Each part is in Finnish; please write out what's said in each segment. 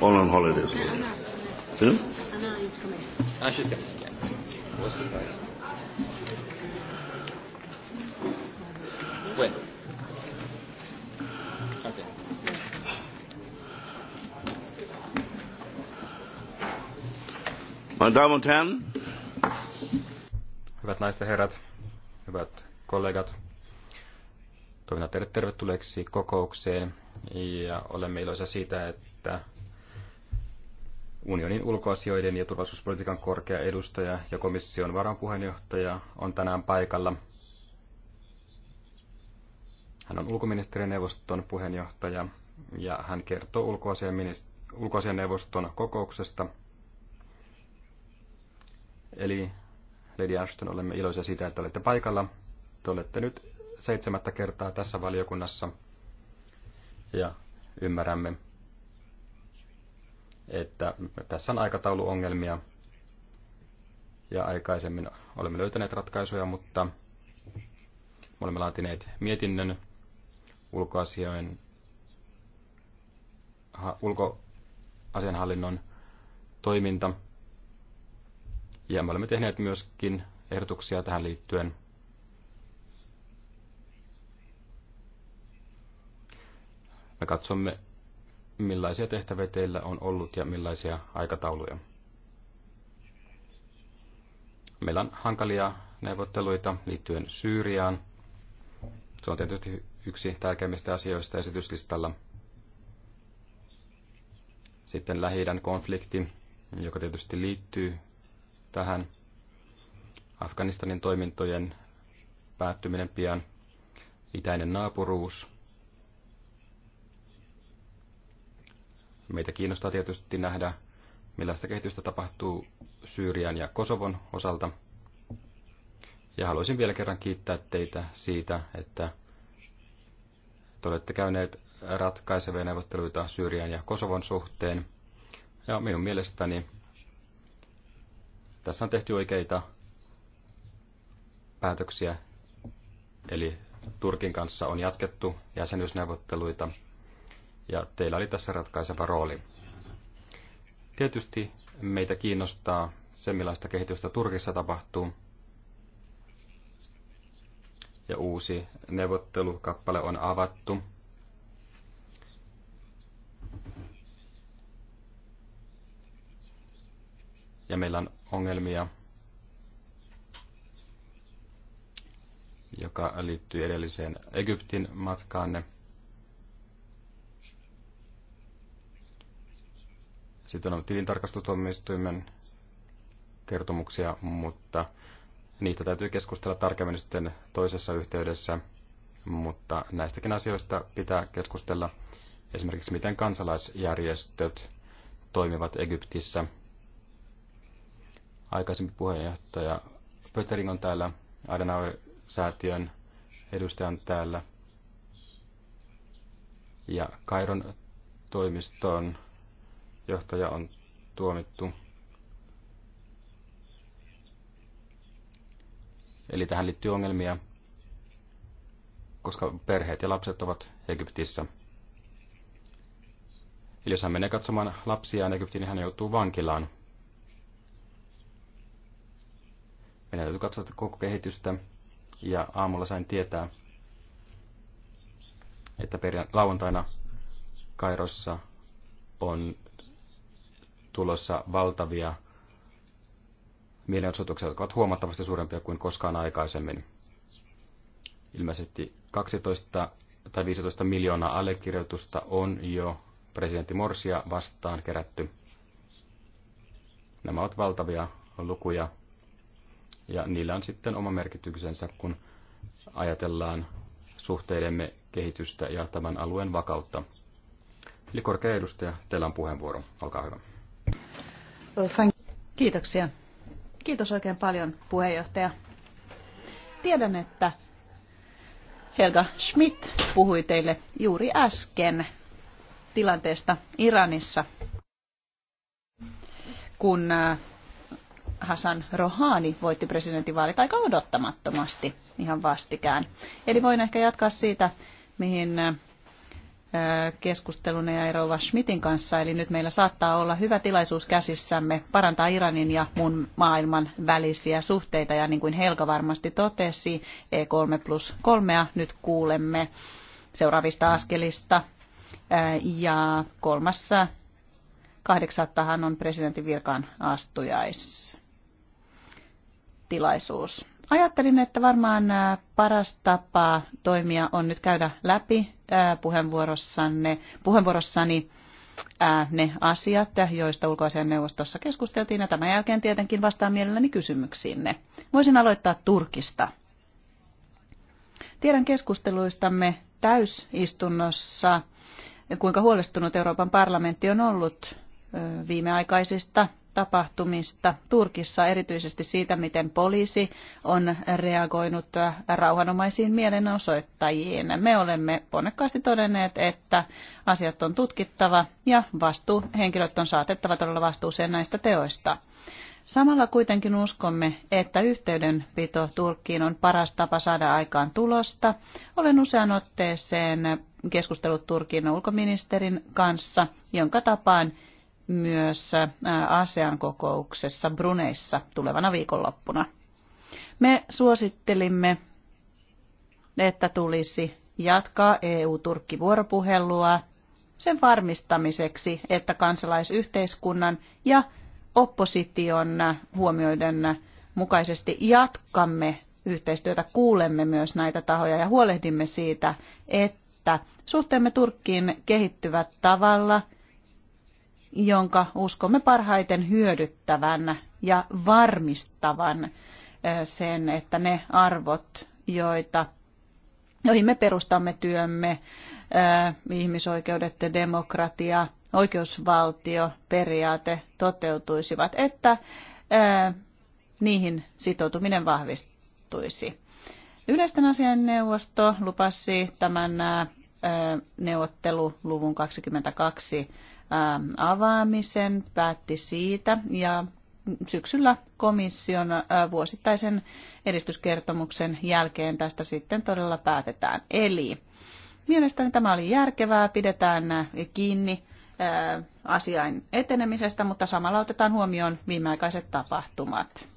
all on holidays. Anna, Anna. Yeah? Anna is coming. Ah, is coming. Yeah. Was surprised. When? Okay. Hyvät naiset ja herrat, hyvät kollegat, toivotan teidät tervetulleeksi kokoukseen ja olemme iloisia siitä, että Unionin ulkoasioiden ja turvallisuuspolitiikan korkea edustaja ja komission varapuheenjohtaja on tänään paikalla. Hän on ulkoministerineuvoston puheenjohtaja ja hän kertoo ulkoasianneuvoston kokouksesta. Eli Lady Ashton, olemme iloisia siitä, että olette paikalla. Te olette nyt seitsemättä kertaa tässä valiokunnassa ja ymmärrämme, että tässä on aikatauluongelmia ja aikaisemmin olemme löytäneet ratkaisuja, mutta me olemme laatineet mietinnön ulkoasioiden ulkoasianhallinnon toiminta. Ja me olemme tehneet myöskin ehdotuksia tähän liittyen. Me katsomme millaisia tehtäviä teillä on ollut ja millaisia aikatauluja. Meillä on hankalia neuvotteluita liittyen Syyriaan. Se on tietysti yksi tärkeimmistä asioista esityslistalla. Sitten lähi konflikti, joka tietysti liittyy tähän Afganistanin toimintojen päättyminen pian, itäinen naapuruus – Meitä kiinnostaa tietysti nähdä, millaista kehitystä tapahtuu Syyrian ja Kosovon osalta. Ja haluaisin vielä kerran kiittää teitä siitä, että te olette käyneet ratkaisevia neuvotteluita Syyrian ja Kosovon suhteen. Ja minun mielestäni tässä on tehty oikeita päätöksiä, eli Turkin kanssa on jatkettu jäsenyysneuvotteluita – ja teillä oli tässä ratkaiseva rooli. Tietysti meitä kiinnostaa se, millaista kehitystä Turkissa tapahtuu. Ja uusi neuvottelukappale on avattu. Ja meillä on ongelmia, joka liittyy edelliseen Egyptin matkaanne. Sitten on tilintarkastustuomioistuimen kertomuksia, mutta niistä täytyy keskustella tarkemmin sitten toisessa yhteydessä. Mutta näistäkin asioista pitää keskustella esimerkiksi miten kansalaisjärjestöt toimivat Egyptissä. Aikaisempi puheenjohtaja Pöttering on täällä, Adenauer-säätiön edustaja on täällä ja Kairon toimiston johtaja on tuomittu. Eli tähän liittyy ongelmia, koska perheet ja lapset ovat Egyptissä. Eli jos hän menee katsomaan lapsiaan Egyptiin, niin hän joutuu vankilaan. Meidän täytyy katsoa koko kehitystä. Ja aamulla sain tietää, että perjan, lauantaina Kairossa on tulossa valtavia mielenosoituksia, jotka ovat huomattavasti suurempia kuin koskaan aikaisemmin. Ilmeisesti 12 tai 15 miljoonaa allekirjoitusta on jo presidentti Morsia vastaan kerätty. Nämä ovat valtavia lukuja ja niillä on sitten oma merkityksensä, kun ajatellaan suhteidemme kehitystä ja tämän alueen vakautta. Eli korkea edustaja, teillä on puheenvuoro. Olkaa hyvä. Kiitoksia. Kiitos oikein paljon puheenjohtaja. Tiedän, että Helga Schmidt puhui teille juuri äsken tilanteesta Iranissa, kun äh, Hassan Rohani voitti presidentinvaalit aika odottamattomasti ihan vastikään. Eli voin ehkä jatkaa siitä, mihin äh, keskustelun ja Erova Schmidtin kanssa, eli nyt meillä saattaa olla hyvä tilaisuus käsissämme parantaa Iranin ja muun maailman välisiä suhteita, ja niin kuin Helga varmasti totesi, E3 plus 3 nyt kuulemme seuraavista askelista, ja kolmas kahdeksattahan on presidentin virkaan astujaistilaisuus. Ajattelin, että varmaan paras tapa toimia on nyt käydä läpi puheenvuorossanne, puheenvuorossani ne asiat, joista ulkoasian neuvostossa keskusteltiin, ja tämän jälkeen tietenkin vastaan mielelläni kysymyksiinne. Voisin aloittaa Turkista. Tiedän keskusteluistamme täysistunnossa, kuinka huolestunut Euroopan parlamentti on ollut viimeaikaisista tapahtumista Turkissa, erityisesti siitä, miten poliisi on reagoinut rauhanomaisiin mielenosoittajiin. Me olemme ponnekkaasti todenneet, että asiat on tutkittava ja vastuuhenkilöt on saatettava todella vastuuseen näistä teoista. Samalla kuitenkin uskomme, että yhteydenpito Turkkiin on paras tapa saada aikaan tulosta. Olen usean otteeseen keskustellut Turkin ulkoministerin kanssa, jonka tapaan myös ASEAN-kokouksessa Bruneissa tulevana viikonloppuna. Me suosittelimme, että tulisi jatkaa EU-Turkki-vuoropuhelua sen varmistamiseksi, että kansalaisyhteiskunnan ja opposition huomioiden mukaisesti jatkamme yhteistyötä, kuulemme myös näitä tahoja ja huolehdimme siitä, että suhteemme Turkkiin kehittyvät tavalla – jonka uskomme parhaiten hyödyttävän ja varmistavan sen, että ne arvot, joita, joihin me perustamme työmme, ihmisoikeudet, demokratia, oikeusvaltio, periaate toteutuisivat, että niihin sitoutuminen vahvistuisi. Yleisten asian neuvosto lupasi tämän neuvotteluluvun 22 Ähm, avaamisen, päätti siitä ja syksyllä komission äh, vuosittaisen edistyskertomuksen jälkeen tästä sitten todella päätetään. Eli mielestäni tämä oli järkevää, pidetään äh, kiinni äh, asiain etenemisestä, mutta samalla otetaan huomioon viimeaikaiset tapahtumat.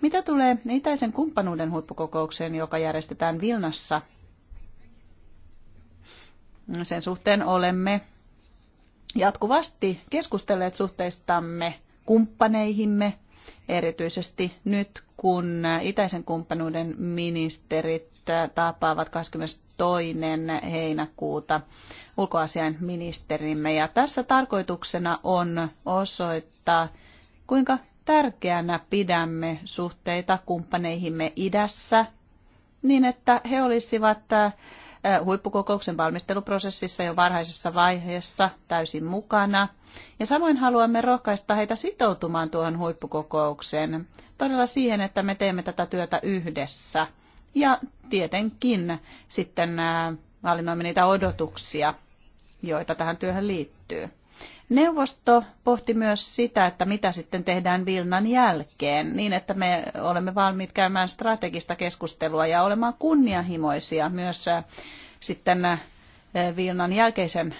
Mitä tulee itäisen kumppanuuden huippukokoukseen, joka järjestetään Vilnassa? Sen suhteen olemme jatkuvasti keskustelleet suhteistamme kumppaneihimme, erityisesti nyt kun itäisen kumppanuuden ministerit tapaavat 22. heinäkuuta ulkoasian ministerimme. Ja tässä tarkoituksena on osoittaa, kuinka tärkeänä pidämme suhteita kumppaneihimme idässä, niin että he olisivat huippukokouksen valmisteluprosessissa jo varhaisessa vaiheessa täysin mukana. Ja samoin haluamme rohkaista heitä sitoutumaan tuohon huippukokoukseen, todella siihen, että me teemme tätä työtä yhdessä. Ja tietenkin sitten hallinnoimme niitä odotuksia, joita tähän työhön liittyy. Neuvosto pohti myös sitä, että mitä sitten tehdään Vilnan jälkeen, niin että me olemme valmiit käymään strategista keskustelua ja olemaan kunnianhimoisia myös äh, sitten äh, Vilnan jälkeisen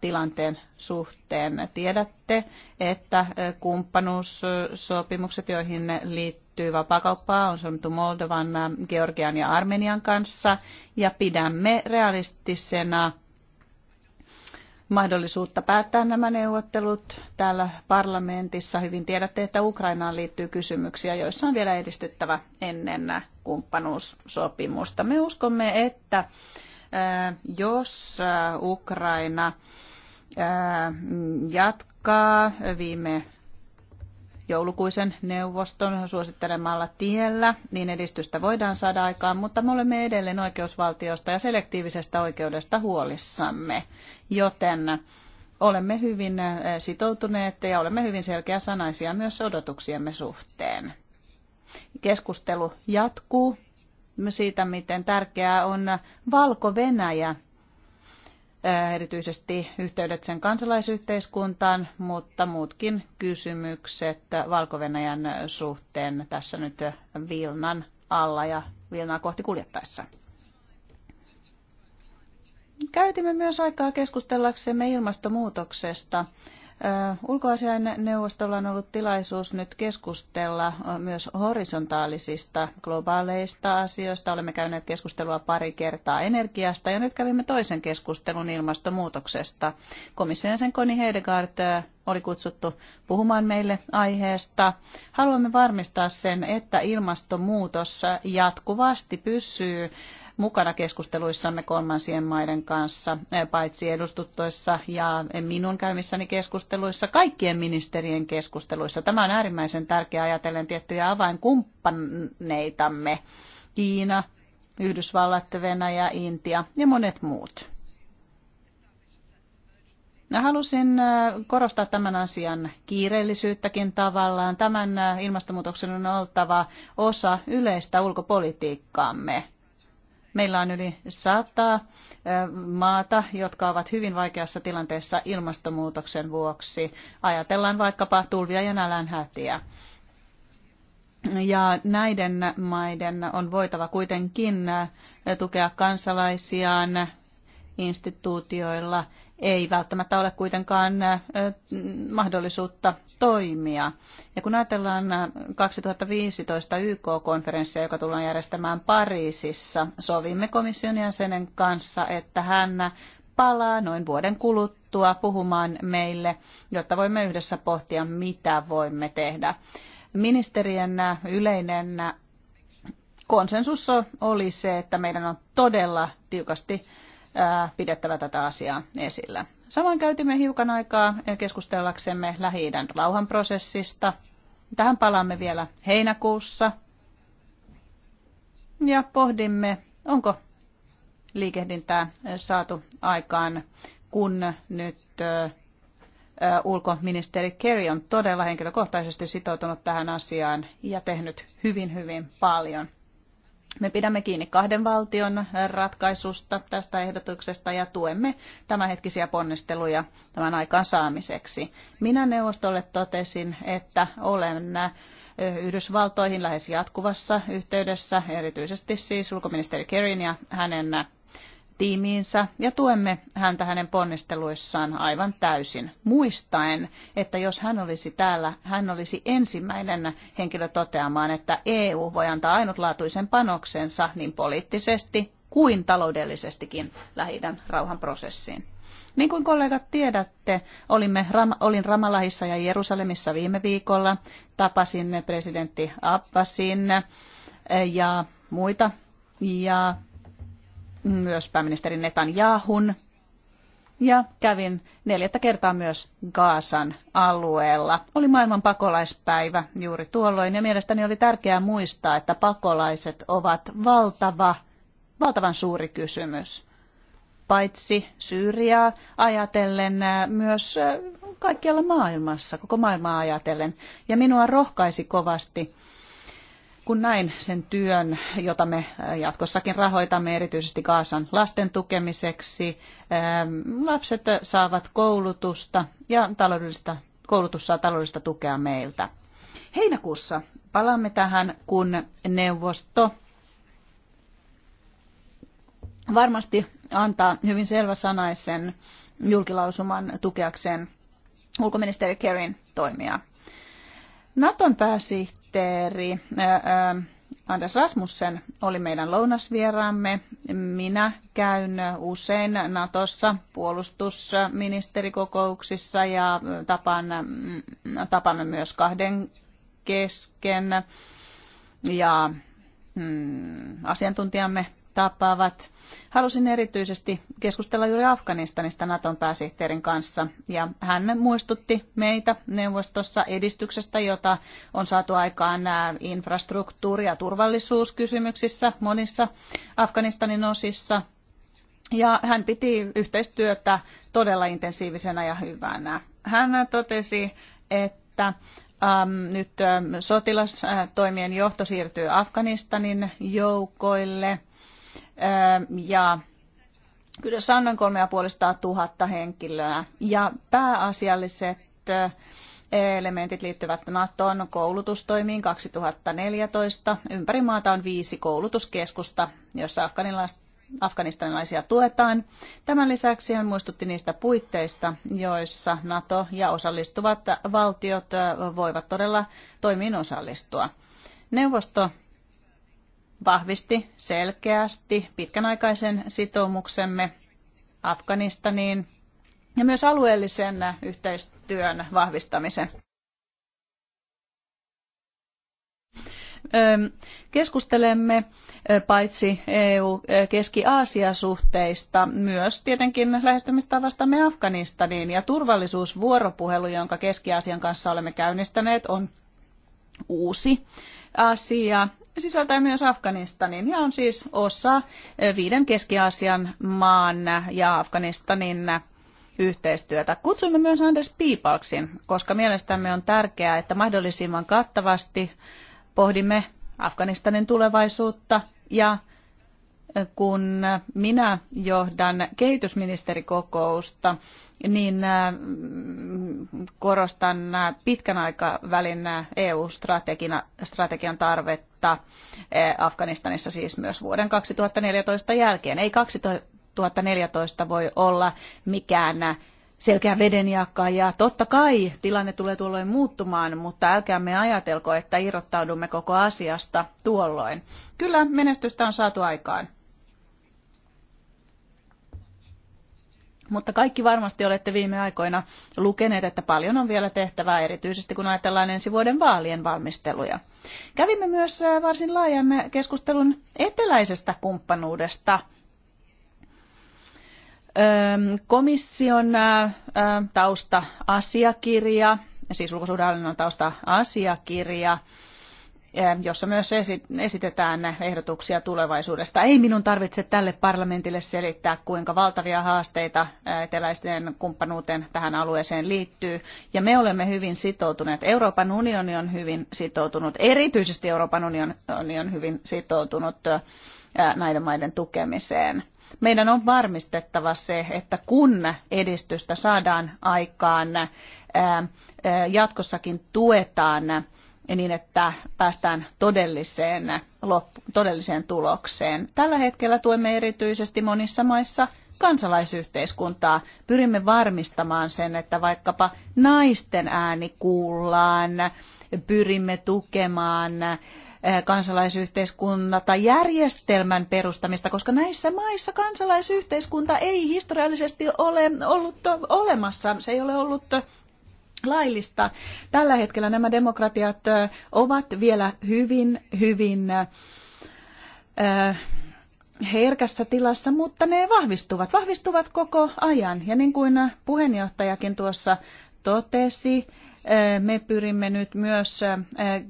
tilanteen suhteen. Tiedätte, että äh, kumppanuussopimukset, joihin liittyy vapakauppaa, on sanottu Moldovan, Georgian ja Armenian kanssa, ja pidämme realistisena mahdollisuutta päättää nämä neuvottelut täällä parlamentissa. Hyvin tiedätte, että Ukrainaan liittyy kysymyksiä, joissa on vielä edistyttävä ennen kumppanuussopimusta. Me uskomme, että äh, jos äh, Ukraina äh, jatkaa viime joulukuisen neuvoston suosittelemalla tiellä, niin edistystä voidaan saada aikaan, mutta me olemme edelleen oikeusvaltiosta ja selektiivisestä oikeudesta huolissamme, joten olemme hyvin eh, sitoutuneet ja olemme hyvin selkeäsanaisia myös odotuksiemme suhteen. Keskustelu jatkuu siitä, miten tärkeää on Valko-Venäjä Äh, erityisesti yhteydet sen kansalaisyhteiskuntaan, mutta muutkin kysymykset valko suhteen tässä nyt Vilnan alla ja Vilnaa kohti kuljettaessa. Käytimme myös aikaa keskustellaksemme ilmastonmuutoksesta Ulkoasian neuvostolla on ollut tilaisuus nyt keskustella myös horisontaalisista globaaleista asioista. Olemme käyneet keskustelua pari kertaa energiasta ja nyt kävimme toisen keskustelun ilmastonmuutoksesta. Komission sen Koni Hedegaard oli kutsuttu puhumaan meille aiheesta. Haluamme varmistaa sen, että ilmastonmuutos jatkuvasti pysyy mukana keskusteluissamme kolmansien maiden kanssa, eh, paitsi edustuttoissa ja minun käymissäni keskusteluissa, kaikkien ministerien keskusteluissa. Tämä on äärimmäisen tärkeää ajatellen tiettyjä avainkumppaneitamme, Kiina, Yhdysvallat, Venäjä, Intia ja monet muut. Halusin eh, korostaa tämän asian kiireellisyyttäkin tavallaan. Tämän eh, ilmastonmuutoksen on oltava osa yleistä ulkopolitiikkaamme. Meillä on yli sata maata, jotka ovat hyvin vaikeassa tilanteessa ilmastonmuutoksen vuoksi. Ajatellaan vaikkapa tulvia ja nälänhätiä. Ja näiden maiden on voitava kuitenkin tukea kansalaisiaan instituutioilla ei välttämättä ole kuitenkaan mahdollisuutta toimia. Ja kun ajatellaan 2015 YK-konferenssia, joka tullaan järjestämään Pariisissa, sovimme komission jäsenen kanssa, että hän palaa noin vuoden kuluttua puhumaan meille, jotta voimme yhdessä pohtia, mitä voimme tehdä. Ministerien yleinen konsensus oli se, että meidän on todella tiukasti pidettävä tätä asiaa esillä. Samoin käytimme hiukan aikaa keskustellaksemme Lähi-idän rauhanprosessista. Tähän palaamme vielä heinäkuussa. Ja pohdimme, onko liikehdintää saatu aikaan, kun nyt ulkoministeri Kerry on todella henkilökohtaisesti sitoutunut tähän asiaan ja tehnyt hyvin, hyvin paljon – me pidämme kiinni kahden valtion ratkaisusta tästä ehdotuksesta ja tuemme tämänhetkisiä ponnisteluja tämän aikaan saamiseksi. Minä neuvostolle totesin, että olen Yhdysvaltoihin lähes jatkuvassa yhteydessä, erityisesti siis ulkoministeri Kerin ja hänen tiimiinsä ja tuemme häntä hänen ponnisteluissaan aivan täysin, muistaen, että jos hän olisi täällä, hän olisi ensimmäinen henkilö toteamaan, että EU voi antaa ainutlaatuisen panoksensa niin poliittisesti kuin taloudellisestikin lähi rauhanprosessiin. Niin kuin kollegat tiedätte, olimme, olin Ramallahissa ja Jerusalemissa viime viikolla, tapasin presidentti Abbasin ja muita ja myös pääministeri Netanjahun ja kävin neljättä kertaa myös Gaasan alueella. Oli maailman pakolaispäivä juuri tuolloin ja mielestäni oli tärkeää muistaa, että pakolaiset ovat valtava, valtavan suuri kysymys. Paitsi Syyriaa ajatellen, äh, myös äh, kaikkialla maailmassa, koko maailmaa ajatellen. Ja minua rohkaisi kovasti kun näin sen työn, jota me äh, jatkossakin rahoitamme erityisesti Kaasan lasten tukemiseksi. Ähm, lapset saavat koulutusta ja taloudellista, koulutus saa taloudellista tukea meiltä. Heinäkuussa palaamme tähän, kun neuvosto varmasti antaa hyvin selväsanaisen julkilausuman tukeakseen ulkoministeri Kerin toimia. Naton pääsihteeri sihteeri Anders Rasmussen oli meidän lounasvieraamme. Minä käyn usein Natossa puolustusministerikokouksissa ja tapaan, mm, tapaamme myös kahden kesken ja mm, asiantuntijamme tapaavat. Halusin erityisesti keskustella juuri Afganistanista Naton pääsihteerin kanssa ja hän muistutti meitä neuvostossa edistyksestä, jota on saatu aikaan infrastruktuuri- ja turvallisuuskysymyksissä monissa Afganistanin osissa. Ja hän piti yhteistyötä todella intensiivisenä ja hyvänä. Hän totesi, että ähm, nyt ähm, sotilastoimien johto siirtyy Afganistanin joukoille – Öö, ja kyllä sanoin 3500 henkilöä ja pääasialliset elementit liittyvät NATOn koulutustoimiin 2014. Ympäri maata on viisi koulutuskeskusta, jossa afganistanilaisia tuetaan. Tämän lisäksi hän muistutti niistä puitteista, joissa NATO ja osallistuvat valtiot voivat todella toimiin osallistua. Neuvosto vahvisti selkeästi pitkänaikaisen sitoumuksemme Afganistaniin ja myös alueellisen yhteistyön vahvistamisen. Keskustelemme paitsi EU-Keski-Aasia-suhteista myös tietenkin lähestymistavastamme Afganistaniin ja turvallisuusvuoropuhelu, jonka Keski-Aasian kanssa olemme käynnistäneet, on uusi asia sisältää myös Afganistanin ja on siis osa viiden Keski-Aasian maan ja Afganistanin yhteistyötä. Kutsuimme myös Anders Piipalksin, koska mielestämme on tärkeää, että mahdollisimman kattavasti pohdimme Afganistanin tulevaisuutta ja kun minä johdan kehitysministerikokousta, niin korostan pitkän aikavälin EU-strategian tarvetta eh, Afganistanissa siis myös vuoden 2014 jälkeen. Ei 2014 voi olla mikään selkeä vedenjakaja. Totta kai tilanne tulee tuolloin muuttumaan, mutta älkäämme ajatelko, että irrottaudumme koko asiasta tuolloin. Kyllä menestystä on saatu aikaan. Mutta kaikki varmasti olette viime aikoina lukeneet, että paljon on vielä tehtävää, erityisesti kun ajatellaan ensi vuoden vaalien valmisteluja. Kävimme myös äh, varsin laajan keskustelun eteläisestä kumppanuudesta. Komission äh, äh, tausta-asiakirja, siis ulkosuhdehallinnon tausta-asiakirja, jossa myös esitetään ehdotuksia tulevaisuudesta. Ei minun tarvitse tälle parlamentille selittää, kuinka valtavia haasteita eteläisten kumppanuuteen tähän alueeseen liittyy. Ja me olemme hyvin sitoutuneet. Euroopan unioni on hyvin sitoutunut. Erityisesti Euroopan unioni on hyvin sitoutunut näiden maiden tukemiseen. Meidän on varmistettava se, että kun edistystä saadaan aikaan, jatkossakin tuetaan niin, että päästään todelliseen, loppu, todelliseen tulokseen. Tällä hetkellä tuemme erityisesti monissa maissa kansalaisyhteiskuntaa. Pyrimme varmistamaan sen, että vaikkapa naisten ääni kuullaan, pyrimme tukemaan eh, kansalaisyhteiskunta tai järjestelmän perustamista, koska näissä maissa kansalaisyhteiskunta ei historiallisesti ole ollut olemassa. Se ei ole ollut laillista. Tällä hetkellä nämä demokratiat ovat vielä hyvin, hyvin herkässä tilassa, mutta ne vahvistuvat, vahvistuvat koko ajan. Ja niin kuin puheenjohtajakin tuossa totesi, me pyrimme nyt myös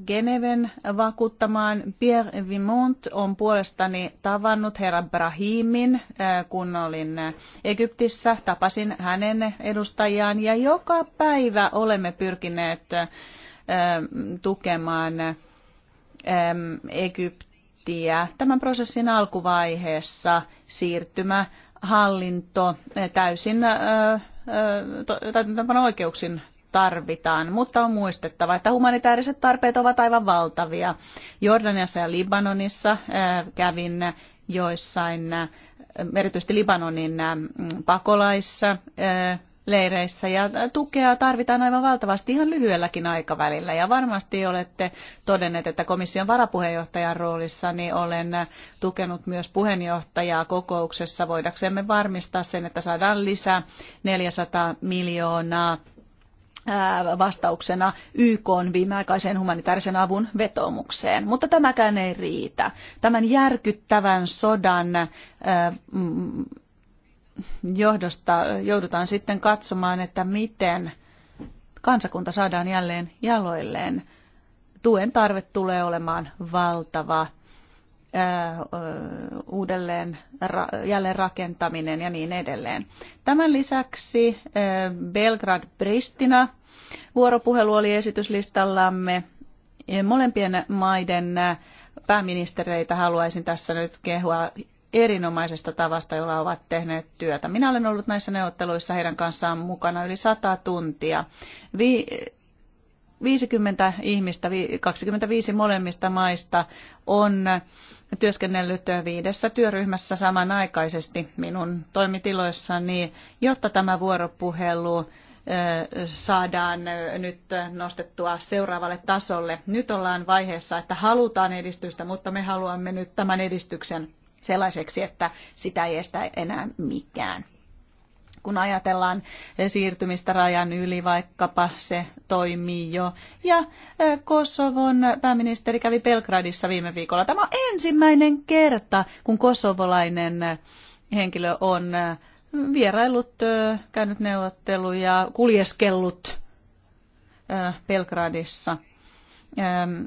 Geneven vakuuttamaan. Pierre Vimont on puolestani tavannut herra Brahimin, kun olin Egyptissä. Tapasin hänen edustajiaan ja joka päivä olemme pyrkineet tukemaan Egyptiä tämän prosessin alkuvaiheessa siirtymä hallinto täysin oikeuksin tarvitaan, mutta on muistettava, että humanitaariset tarpeet ovat aivan valtavia. Jordaniassa ja Libanonissa äh, kävin joissain, äh, erityisesti Libanonin äh, pakolaissa leireissä ja tukea tarvitaan aivan valtavasti ihan lyhyelläkin aikavälillä. Ja varmasti olette todenneet, että komission varapuheenjohtajan Niin olen tukenut myös puheenjohtajaa kokouksessa voidaksemme varmistaa sen, että saadaan lisää 400 miljoonaa vastauksena YK viimeaikaiseen humanitaarisen avun vetoomukseen. Mutta tämäkään ei riitä. Tämän järkyttävän sodan mm, johdosta joudutaan sitten katsomaan, että miten kansakunta saadaan jälleen jaloilleen. Tuen tarve tulee olemaan valtava uudelleen jälleen rakentaminen ja niin edelleen. Tämän lisäksi Belgrad-Pristina Vuoropuhelu oli esityslistallamme. Molempien maiden pääministereitä haluaisin tässä nyt kehua erinomaisesta tavasta, jolla ovat tehneet työtä. Minä olen ollut näissä neuvotteluissa heidän kanssaan mukana yli 100 tuntia. Vi- 50 ihmistä, 25 molemmista maista on työskennellyt viidessä työryhmässä samanaikaisesti minun toimitiloissani, jotta tämä vuoropuhelu saadaan nyt nostettua seuraavalle tasolle. Nyt ollaan vaiheessa, että halutaan edistystä, mutta me haluamme nyt tämän edistyksen sellaiseksi, että sitä ei estä enää mikään. Kun ajatellaan siirtymistä rajan yli, vaikkapa se toimii jo. Ja Kosovon pääministeri kävi Belgradissa viime viikolla. Tämä on ensimmäinen kerta, kun kosovolainen henkilö on vierailut, käynyt neuvotteluja, kuljeskellut Belgradissa –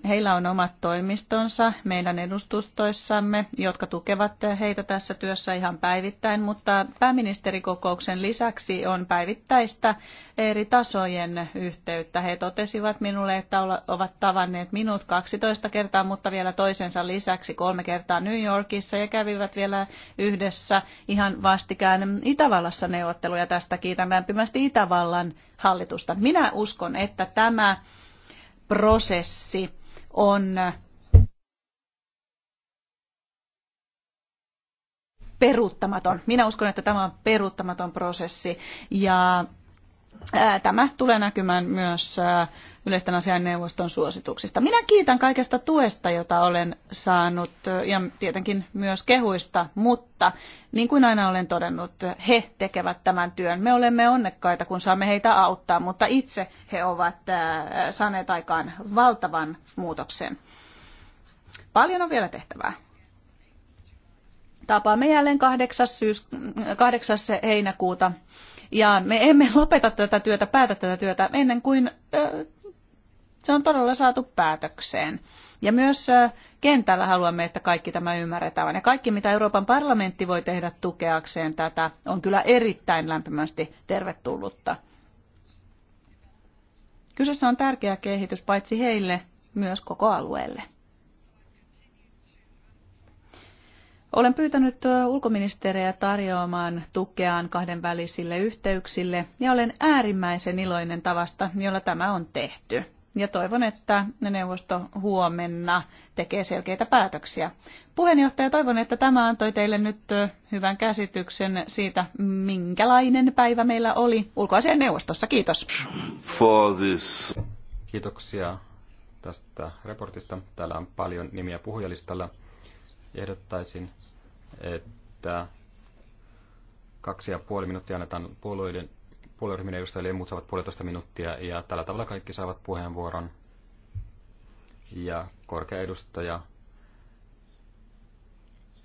Heillä on omat toimistonsa meidän edustustoissamme, jotka tukevat heitä tässä työssä ihan päivittäin, mutta pääministerikokouksen lisäksi on päivittäistä eri tasojen yhteyttä. He totesivat minulle, että ovat tavanneet minut 12 kertaa, mutta vielä toisensa lisäksi kolme kertaa New Yorkissa ja kävivät vielä yhdessä ihan vastikään Itävallassa neuvotteluja. Tästä kiitän lämpimästi Itävallan hallitusta. Minä uskon, että tämä prosessi on peruuttamaton. Minä uskon, että tämä on peruuttamaton prosessi ja Tämä tulee näkymään myös yleisten neuvoston suosituksista. Minä kiitän kaikesta tuesta, jota olen saanut ja tietenkin myös kehuista, mutta niin kuin aina olen todennut, he tekevät tämän työn. Me olemme onnekkaita, kun saamme heitä auttaa, mutta itse he ovat saaneet aikaan valtavan muutoksen. Paljon on vielä tehtävää. Tapaamme jälleen 8. Syys, 8. heinäkuuta ja me emme lopeta tätä työtä, päätä tätä työtä ennen kuin se on todella saatu päätökseen. Ja myös kentällä haluamme, että kaikki tämä ymmärretään. Ja kaikki, mitä Euroopan parlamentti voi tehdä tukeakseen tätä, on kyllä erittäin lämpimästi tervetullutta. Kyseessä on tärkeä kehitys paitsi heille, myös koko alueelle. Olen pyytänyt ulkoministeriä tarjoamaan tukeaan kahdenvälisille yhteyksille ja olen äärimmäisen iloinen tavasta, jolla tämä on tehty ja toivon, että neuvosto huomenna tekee selkeitä päätöksiä. Puheenjohtaja, toivon, että tämä antoi teille nyt hyvän käsityksen siitä, minkälainen päivä meillä oli ulkoasian neuvostossa. Kiitos. For this. Kiitoksia tästä raportista. Täällä on paljon nimiä puhujalistalla. Ehdottaisin, että kaksi ja puoli minuuttia annetaan puolueiden puolueryhmien edustajille ja muut saavat puolitoista minuuttia ja tällä tavalla kaikki saavat puheenvuoron. Ja korkea edustaja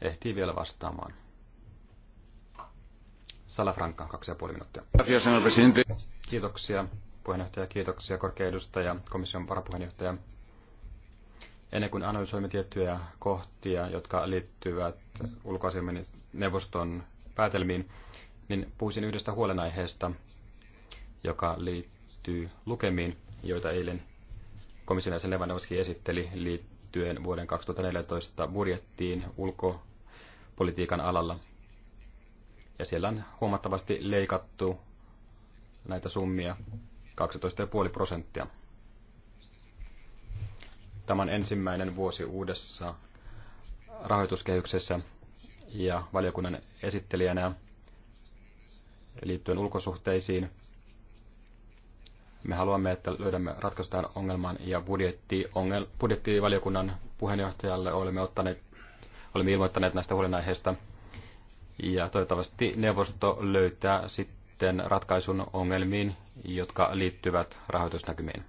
ehtii vielä vastaamaan. Franka, kaksi ja puoli minuuttia. Kiitoksia puheenjohtaja, kiitoksia korkea edustaja, komission varapuheenjohtaja. Ennen kuin analysoimme tiettyjä kohtia, jotka liittyvät ulkoasiaministeriön neuvoston päätelmiin, niin puhuisin yhdestä huolenaiheesta, joka liittyy lukemiin, joita eilen komission jäsen Lewandowski esitteli liittyen vuoden 2014 budjettiin ulkopolitiikan alalla. Ja siellä on huomattavasti leikattu näitä summia 12,5 prosenttia. Tämä on ensimmäinen vuosi uudessa rahoituskehyksessä ja valiokunnan esittelijänä liittyen ulkosuhteisiin – me haluamme, että löydämme tähän ongelmaan ja budjetti, ongel, budjettivaliokunnan puheenjohtajalle olemme, ottaneet, olemme ilmoittaneet näistä huolenaiheista. Ja toivottavasti neuvosto löytää sitten ratkaisun ongelmiin, jotka liittyvät rahoitusnäkymiin.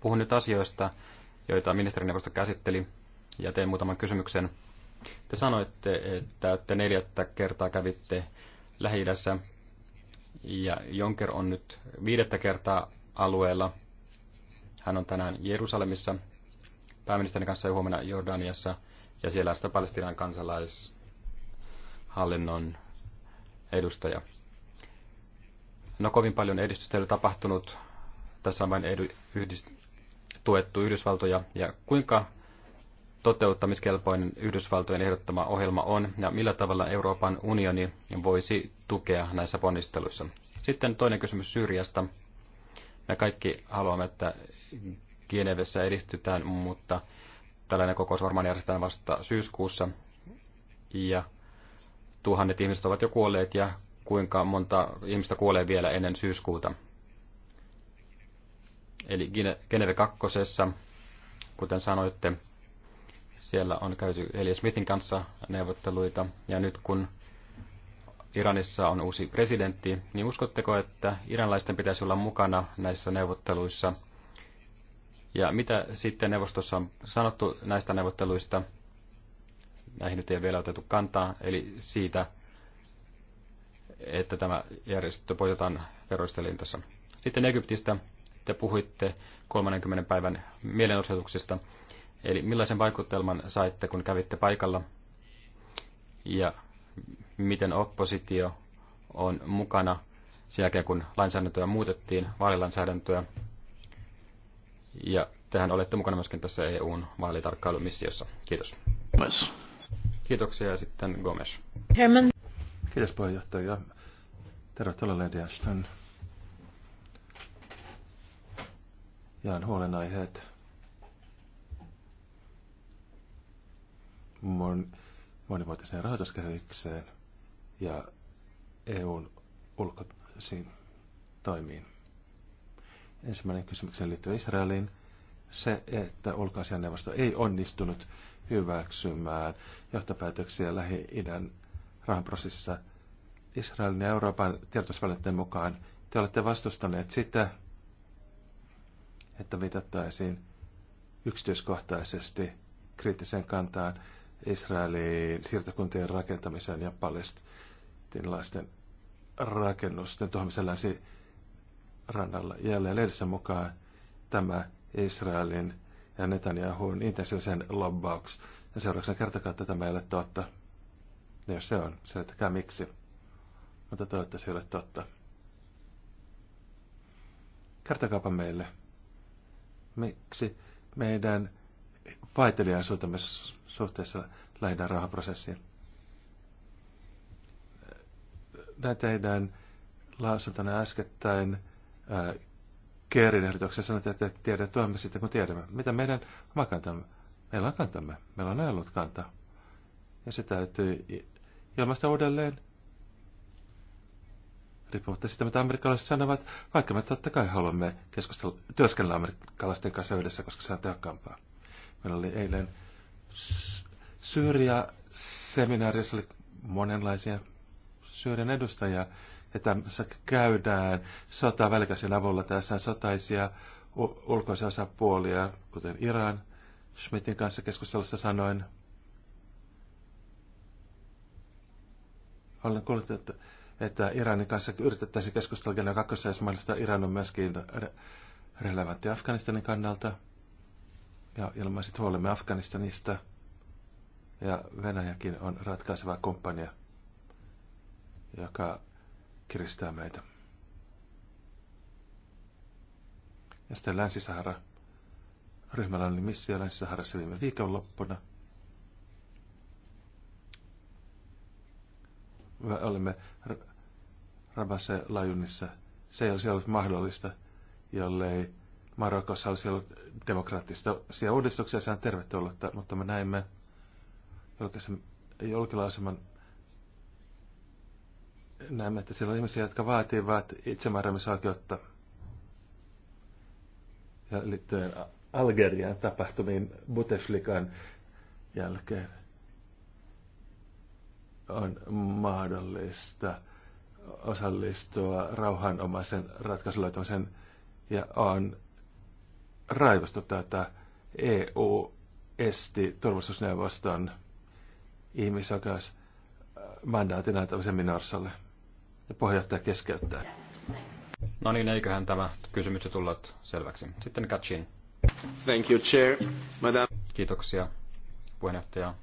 Puhun nyt asioista, joita ministerineuvosto käsitteli, ja teen muutaman kysymyksen. Te sanoitte, että te neljättä kertaa kävitte lähi ja Jonker on nyt viidettä kertaa alueella. Hän on tänään Jerusalemissa pääministerin kanssa ja huomenna Jordaniassa. Ja siellä on sitä Palestinan kansalaishallinnon edustaja. No kovin paljon edistystä ei ole tapahtunut. Tässä on vain edu, yhdist, tuettu Yhdysvaltoja. Ja kuinka toteuttamiskelpoinen Yhdysvaltojen ehdottama ohjelma on ja millä tavalla Euroopan unioni voisi tukea näissä ponnisteluissa. Sitten toinen kysymys Syyriasta. Me kaikki haluamme, että Genevessä edistytään, mutta tällainen kokous varmaan järjestetään vasta syyskuussa. Ja tuhannet ihmiset ovat jo kuolleet ja kuinka monta ihmistä kuolee vielä ennen syyskuuta. Eli Geneve 2, kuten sanoitte, siellä on käyty Eli Smithin kanssa neuvotteluita ja nyt kun Iranissa on uusi presidentti, niin uskotteko, että iranlaisten pitäisi olla mukana näissä neuvotteluissa? Ja mitä sitten neuvostossa on sanottu näistä neuvotteluista? Näihin nyt ei vielä otettu kantaa, eli siitä, että tämä järjestö poistetaan terroristilintossa. Sitten Egyptistä te puhuitte 30 päivän mielenosoituksista. Eli millaisen vaikutelman saitte, kun kävitte paikalla? Ja miten oppositio on mukana sen jälkeen, kun lainsäädäntöä muutettiin, vaalilainsäädäntöä? Ja tehän olette mukana myöskin tässä EUn vaalitarkkailumissiossa. Kiitos. Yes. Kiitoksia ja sitten Gomes. Herman. Kiitos puheenjohtaja. Tervetuloa Lady Ashton. Jaan huolenaiheet mon, monivuotiseen rahoituskehykseen ja EUn ulkoisiin toimiin. Ensimmäinen kysymys liittyy Israeliin. Se, että ulkoasianneuvosto ei onnistunut hyväksymään johtopäätöksiä Lähi-idän rahanprosessissa Israelin ja Euroopan tiedotusvälineiden mukaan. Te olette vastustaneet sitä, että viitattaisiin yksityiskohtaisesti kriittiseen kantaan Israelin siirtokuntien rakentamiseen ja palestinlaisten rakennusten tuomisen länsi rannalla. Jälleen lehdessä mukaan tämä Israelin ja Netanyahuun intensiivisen lobbauks. Ja seurauksena kertokaa, että tämä ei ole totta. Ja jos se on, selittäkää miksi. Mutta toivottavasti ei ole totta. Kertokaapa meille, miksi meidän myös suhteessa lähinnä rahaprosessiin. Näin tehdään lausuntonne äskettäin ää, Keerin ehdotuksen sanoit, että tiedä tuomme sitten kun tiedämme. Mitä meidän oma kantamme? Meillä on kantamme. Meillä on ollut kanta. Ja se täytyy ilmaista uudelleen riippumatta siitä, mitä amerikkalaiset sanovat, vaikka me totta kai haluamme keskustella, työskennellä amerikkalaisten kanssa yhdessä, koska se on tehokkaampaa. Meillä oli eilen syyria seminaarissa oli monenlaisia Syyrian edustajia. Ja tässä käydään sotaa välikäisen avulla. Tässä on sotaisia ulkoisia osapuolia, kuten Iran. Schmidtin kanssa keskustelussa sanoin. Olen kuullut, että, että Iranin kanssa yritettäisiin keskustella Genoa 2, Iran on myöskin relevantti Afganistanin kannalta ja ilmaisit huolemme Afganistanista. Ja Venäjäkin on ratkaiseva komppania, joka kiristää meitä. Ja sitten Länsi-Sahara. Ryhmällä oli missio Länsi-Saharassa viime viikonloppuna. Me olimme Rabase lajunnissa Se ei olisi ollut mahdollista, jollei Marokossa olisi ollut demokraattisia uudistuksia, se on tervetullut, mutta me näimme julkilausuman näemme, että siellä on ihmisiä, jotka vaativat itsemääräämisoikeutta ja liittyen Algerian tapahtumiin Buteflikan jälkeen on mahdollista osallistua rauhanomaisen ratkaisulaitamisen ja on raivostuttaa, että EU esti turvallisuusneuvoston ihmisoikeus äh, mandaatin seminaarsalle Minarsalle. Ja puheenjohtaja keskeyttää. No niin, eiköhän tämä kysymys tullut selväksi. Sitten Katsin. Thank you, Chair. Madame. Kiitoksia, puheenjohtaja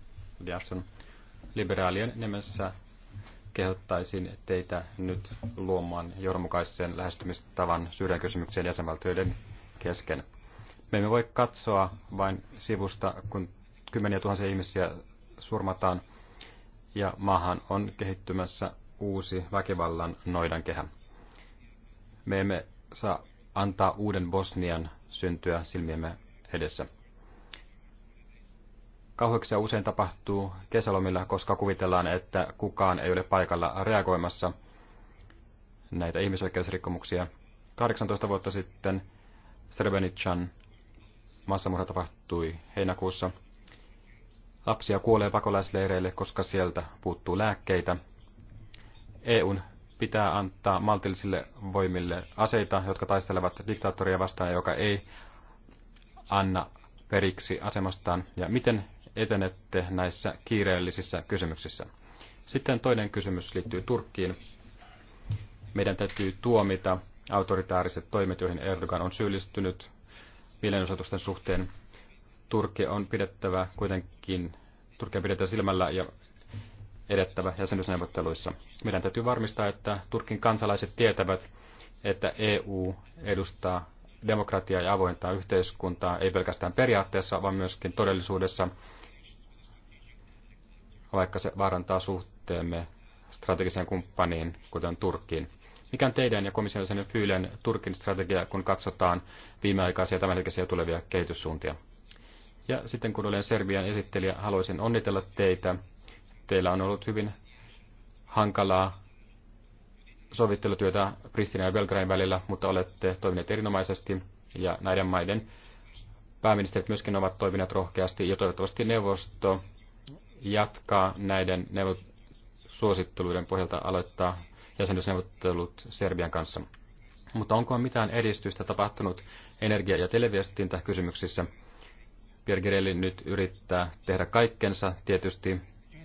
Diaston. Liberaalien nimessä kehottaisin teitä nyt luomaan johdonmukaisen lähestymistavan syrjän kysymykseen jäsenvaltioiden kesken. Me emme voi katsoa vain sivusta, kun kymmeniä tuhansia ihmisiä surmataan ja maahan on kehittymässä uusi väkivallan noidankehä. Me emme saa antaa uuden Bosnian syntyä silmiemme edessä. Kauheksia usein tapahtuu kesälomilla, koska kuvitellaan, että kukaan ei ole paikalla reagoimassa näitä ihmisoikeusrikkomuksia. 18 vuotta sitten Srebrenican massamurha tapahtui heinäkuussa. Lapsia kuolee pakolaisleireille, koska sieltä puuttuu lääkkeitä. EUn pitää antaa maltillisille voimille aseita, jotka taistelevat diktaattoria vastaan, joka ei anna periksi asemastaan. Ja miten etenette näissä kiireellisissä kysymyksissä? Sitten toinen kysymys liittyy Turkkiin. Meidän täytyy tuomita autoritaariset toimet, joihin Erdogan on syyllistynyt mielenosoitusten suhteen. Turkki on pidettävä kuitenkin, on pidettävä silmällä ja edettävä jäsenyysneuvotteluissa. Meidän täytyy varmistaa, että Turkin kansalaiset tietävät, että EU edustaa demokratiaa ja avointa yhteiskuntaa, ei pelkästään periaatteessa, vaan myöskin todellisuudessa, vaikka se vaarantaa suhteemme strategiseen kumppaniin, kuten Turkkiin. Mikä on teidän ja komission jäsenen Fyylen Turkin strategia, kun katsotaan viimeaikaisia tämänhetkisiä tulevia kehityssuuntia? Ja sitten kun olen Serbian esittelijä, haluaisin onnitella teitä. Teillä on ollut hyvin hankalaa sovittelutyötä Pristinan ja Belgradin välillä, mutta olette toimineet erinomaisesti ja näiden maiden pääministerit myöskin ovat toimineet rohkeasti ja toivottavasti neuvosto jatkaa näiden neuvot- suositteluiden pohjalta aloittaa jäsenyysneuvottelut Serbian kanssa. Mutta onko mitään edistystä tapahtunut energia- ja televiestintäkysymyksissä? Pierre Girelli nyt yrittää tehdä kaikkensa tietysti,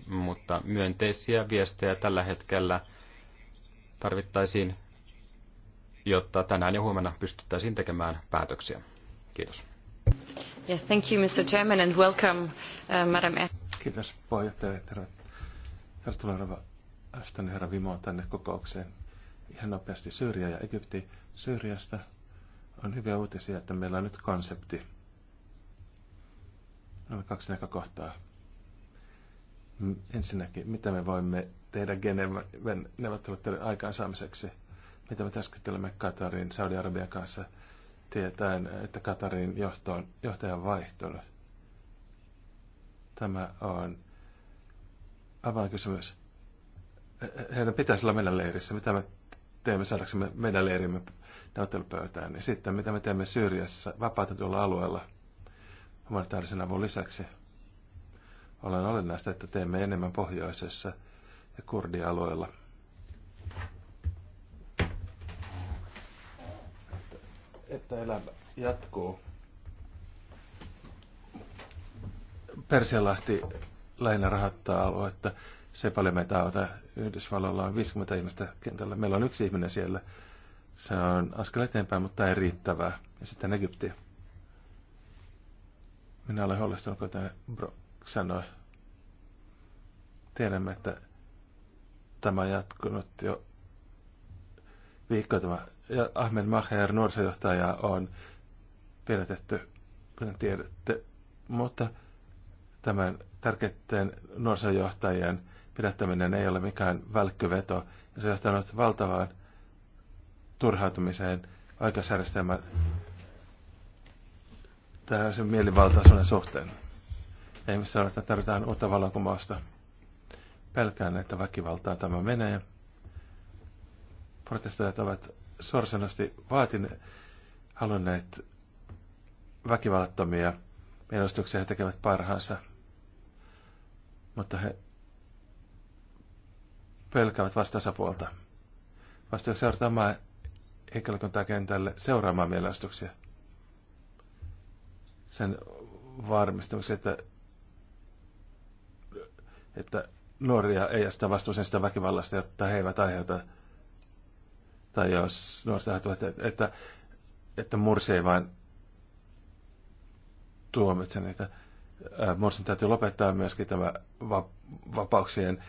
mutta myönteisiä viestejä tällä hetkellä tarvittaisiin, jotta tänään ja huomenna pystyttäisiin tekemään päätöksiä. Kiitos. Yes, thank you, Mr. Chairman, and welcome, uh, Madam. E- Kiitos, puheenjohtaja. Tervetuloa, Aston herra Vimo tänne kokoukseen. Ihan nopeasti Syyriä ja Egypti. Syyriasta on hyviä uutisia, että meillä on nyt konsepti. On kaksi näkökohtaa. Mm, ensinnäkin, mitä me voimme tehdä Geneven neuvottelutteiden aikaansaamiseksi? Mitä me työskentelemme Katarin, Saudi-Arabian kanssa, tietäen, että Katarin johtoon, johtaja on vaihtunut? Tämä on avainkysymys heidän pitäisi olla meidän leirissä, mitä me teemme saadaksemme meidän leirimme näyttelypöytään? niin sitten mitä me teemme Syyriassa vapautetulla alueella humanitaarisen avun lisäksi. Olen olennaista, että teemme enemmän pohjoisessa ja kurdialueella. Että elämä jatkuu. Persialahti lähinnä rahoittaa aluetta se paljon meitä auta. Yhdysvalloilla on 50 ihmistä kentällä. Meillä on yksi ihminen siellä. Se on askel eteenpäin, mutta ei riittävää. Ja sitten Egypti. Minä olen huolestunut, kuten Brock sanoi. Tiedämme, että tämä on jatkunut jo viikko tämä. Ja Ahmed Maher, nuorisojohtaja, on pidätetty, kuten tiedätte. Mutta tämän tärkeiden nuorisojohtajien pidättäminen ei ole mikään välkkyveto, ja se johtaa valtavaan turhautumiseen aikaisjärjestelmän täysin mielivaltaisuuden suhteen. Ei missään että tarvitaan uutta valokumousta. Pelkään, että väkivaltaan tämä menee. Protestoijat ovat suorasanasti vaatineet, halunneet väkivallattomia mielostuksia. He tekevät parhaansa. Mutta he pelkäävät vastasapuolta. Vasta jos seurataan maa henkilökuntaa kentälle seuraamaan mielenosoituksia. Sen varmistamiseksi, että, että nuoria ei jästä vastuuseen sitä väkivallasta, jotta he eivät aiheuta, tai jos nuorista aiheutuvat, että, että, että mursi ei vain tuomitse niitä. Äh, Mursin täytyy lopettaa myöskin tämä vapauksien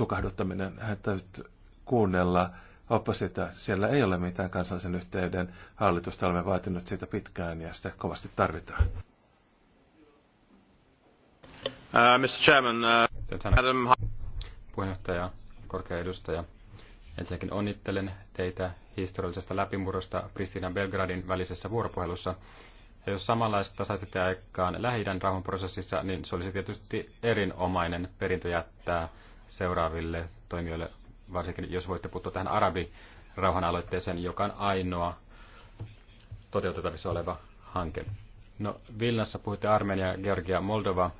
tukahduttaminen. Hän täytyy kuunnella oppositiota. Siellä ei ole mitään kansallisen yhteyden hallitusta. Olemme vaatinut siitä pitkään ja sitä kovasti tarvitaan. Uh, Mr. Chairman, uh, Adam... Puheenjohtaja, korkea edustaja. Ensinnäkin onnittelen teitä historiallisesta läpimurrosta Pristinan Belgradin välisessä vuoropuhelussa. Ja jos samanlaista saisitte aikaan lähi rauhanprosessissa, niin se olisi tietysti erinomainen perintö jättää seuraaville toimijoille, varsinkin jos voitte puuttua tähän rauhan aloitteeseen, joka on ainoa toteutettavissa oleva hanke. No, Vilnassa puhutte Armenia, Georgia, Moldova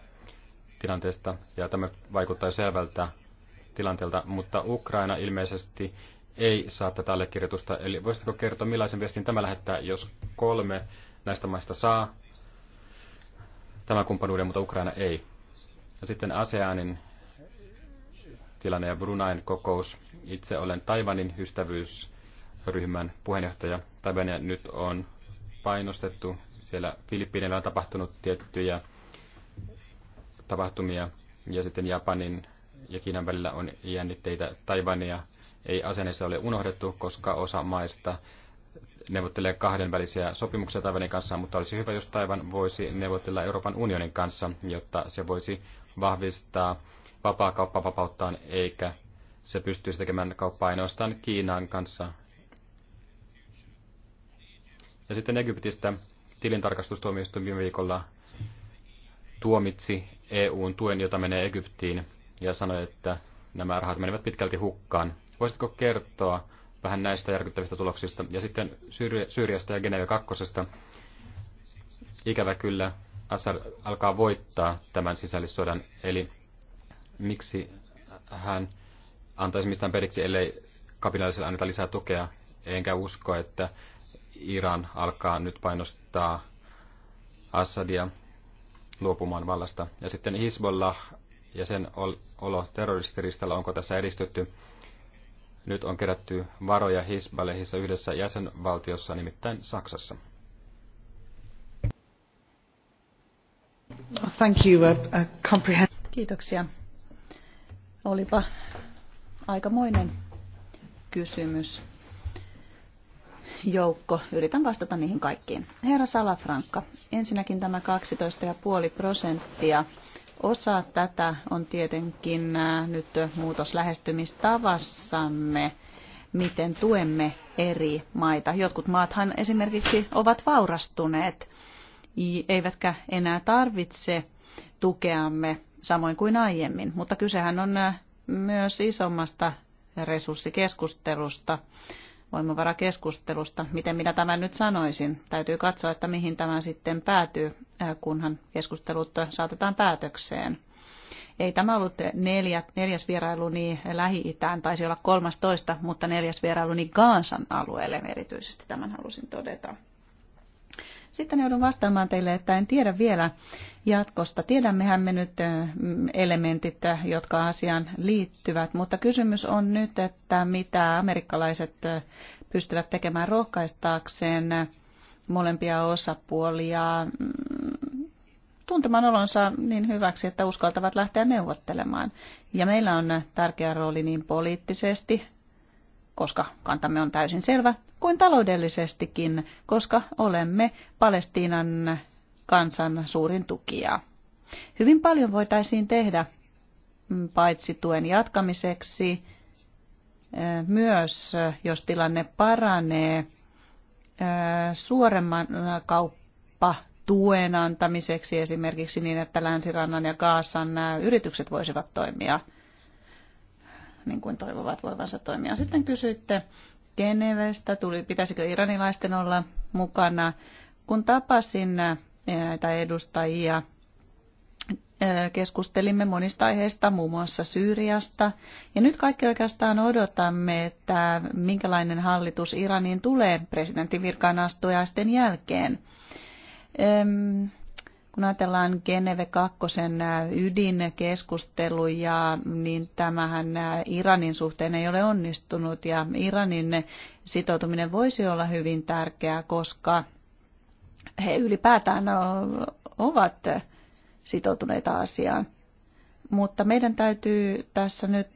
tilanteesta, ja tämä vaikuttaa selvältä tilanteelta, mutta Ukraina ilmeisesti ei saa tätä allekirjoitusta. Eli voisitko kertoa, millaisen viestin tämä lähettää, jos kolme näistä maista saa tämän kumppanuuden, mutta Ukraina ei? Ja sitten ASEANin tilanne ja Brunain kokous. Itse olen Taivanin ystävyysryhmän puheenjohtaja. Taivania nyt on painostettu. Siellä Filippiineillä on tapahtunut tiettyjä tapahtumia ja sitten Japanin ja Kiinan välillä on jännitteitä. Taivania ei asenneessa ole unohdettu, koska osa maista neuvottelee kahdenvälisiä sopimuksia Taiwanin kanssa, mutta olisi hyvä, jos Taiwan voisi neuvotella Euroopan unionin kanssa, jotta se voisi vahvistaa vapaa kauppavapauttaan, eikä se pystyisi tekemään kauppaa ainoastaan Kiinan kanssa. Ja sitten Egyptistä tilintarkastustuomioistuin viime viikolla tuomitsi EUn tuen, jota menee Egyptiin, ja sanoi, että nämä rahat menevät pitkälti hukkaan. Voisitko kertoa vähän näistä järkyttävistä tuloksista? Ja sitten Syyriasta ja Geneve 2. Ikävä kyllä, Assad alkaa voittaa tämän sisällissodan, eli miksi hän antaisi mistään periksi, ellei kapinalliselle anneta lisää tukea. Enkä usko, että Iran alkaa nyt painostaa Assadia luopumaan vallasta. Ja sitten Hezbollah ja sen olo terroristiristalla, onko tässä edistytty. Nyt on kerätty varoja Hisbalehissa yhdessä jäsenvaltiossa, nimittäin Saksassa. Thank you, a, uh, a uh, Kiitoksia Olipa aikamoinen kysymys joukko. Yritän vastata niihin kaikkiin. Herra Salafrankka, ensinnäkin tämä 12,5 prosenttia. Osa tätä on tietenkin äh, nyt muutos lähestymistavassamme, miten tuemme eri maita. Jotkut maathan esimerkiksi ovat vaurastuneet, eivätkä enää tarvitse tukeamme samoin kuin aiemmin. Mutta kysehän on äh, myös isommasta resurssikeskustelusta, voimavarakeskustelusta. Miten minä tämän nyt sanoisin? Täytyy katsoa, että mihin tämä sitten päätyy, äh, kunhan keskustelut äh, saatetaan päätökseen. Ei tämä ollut neljä, neljäs niin Lähi-Itään, taisi olla 13, mutta neljäs vierailuni Gaansan alueelle erityisesti tämän halusin todeta. Sitten joudun vastaamaan teille, että en tiedä vielä jatkosta. Tiedämmehän me nyt eh, elementit, eh, jotka asiaan liittyvät, mutta kysymys on nyt, että mitä amerikkalaiset eh, pystyvät tekemään rohkaistaakseen molempia osapuolia mm, tuntemaan olonsa niin hyväksi, että uskaltavat lähteä neuvottelemaan. Ja meillä on tärkeä rooli niin poliittisesti, koska kantamme on täysin selvä, kuin taloudellisestikin, koska olemme Palestiinan kansan suurin tukija. Hyvin paljon voitaisiin tehdä mm, paitsi tuen jatkamiseksi, eh, myös jos tilanne paranee, eh, suoremman kauppatuen antamiseksi esimerkiksi niin, että Länsirannan ja Gaasan eh, yritykset voisivat toimia niin kuin toivovat voivansa toimia. Sitten kysyitte Genevestä, tuli, pitäisikö iranilaisten olla mukana. Kun tapasin näitä edustajia, keskustelimme monista aiheista, muun muassa Syyriasta. Ja nyt kaikki oikeastaan odotamme, että minkälainen hallitus Iraniin tulee presidentin virkaan astujaisten jälkeen kun ajatellaan Geneve 2 ydinkeskusteluja, niin tämähän Iranin suhteen ei ole onnistunut ja Iranin sitoutuminen voisi olla hyvin tärkeää, koska he ylipäätään ovat sitoutuneita asiaan. Mutta meidän täytyy tässä nyt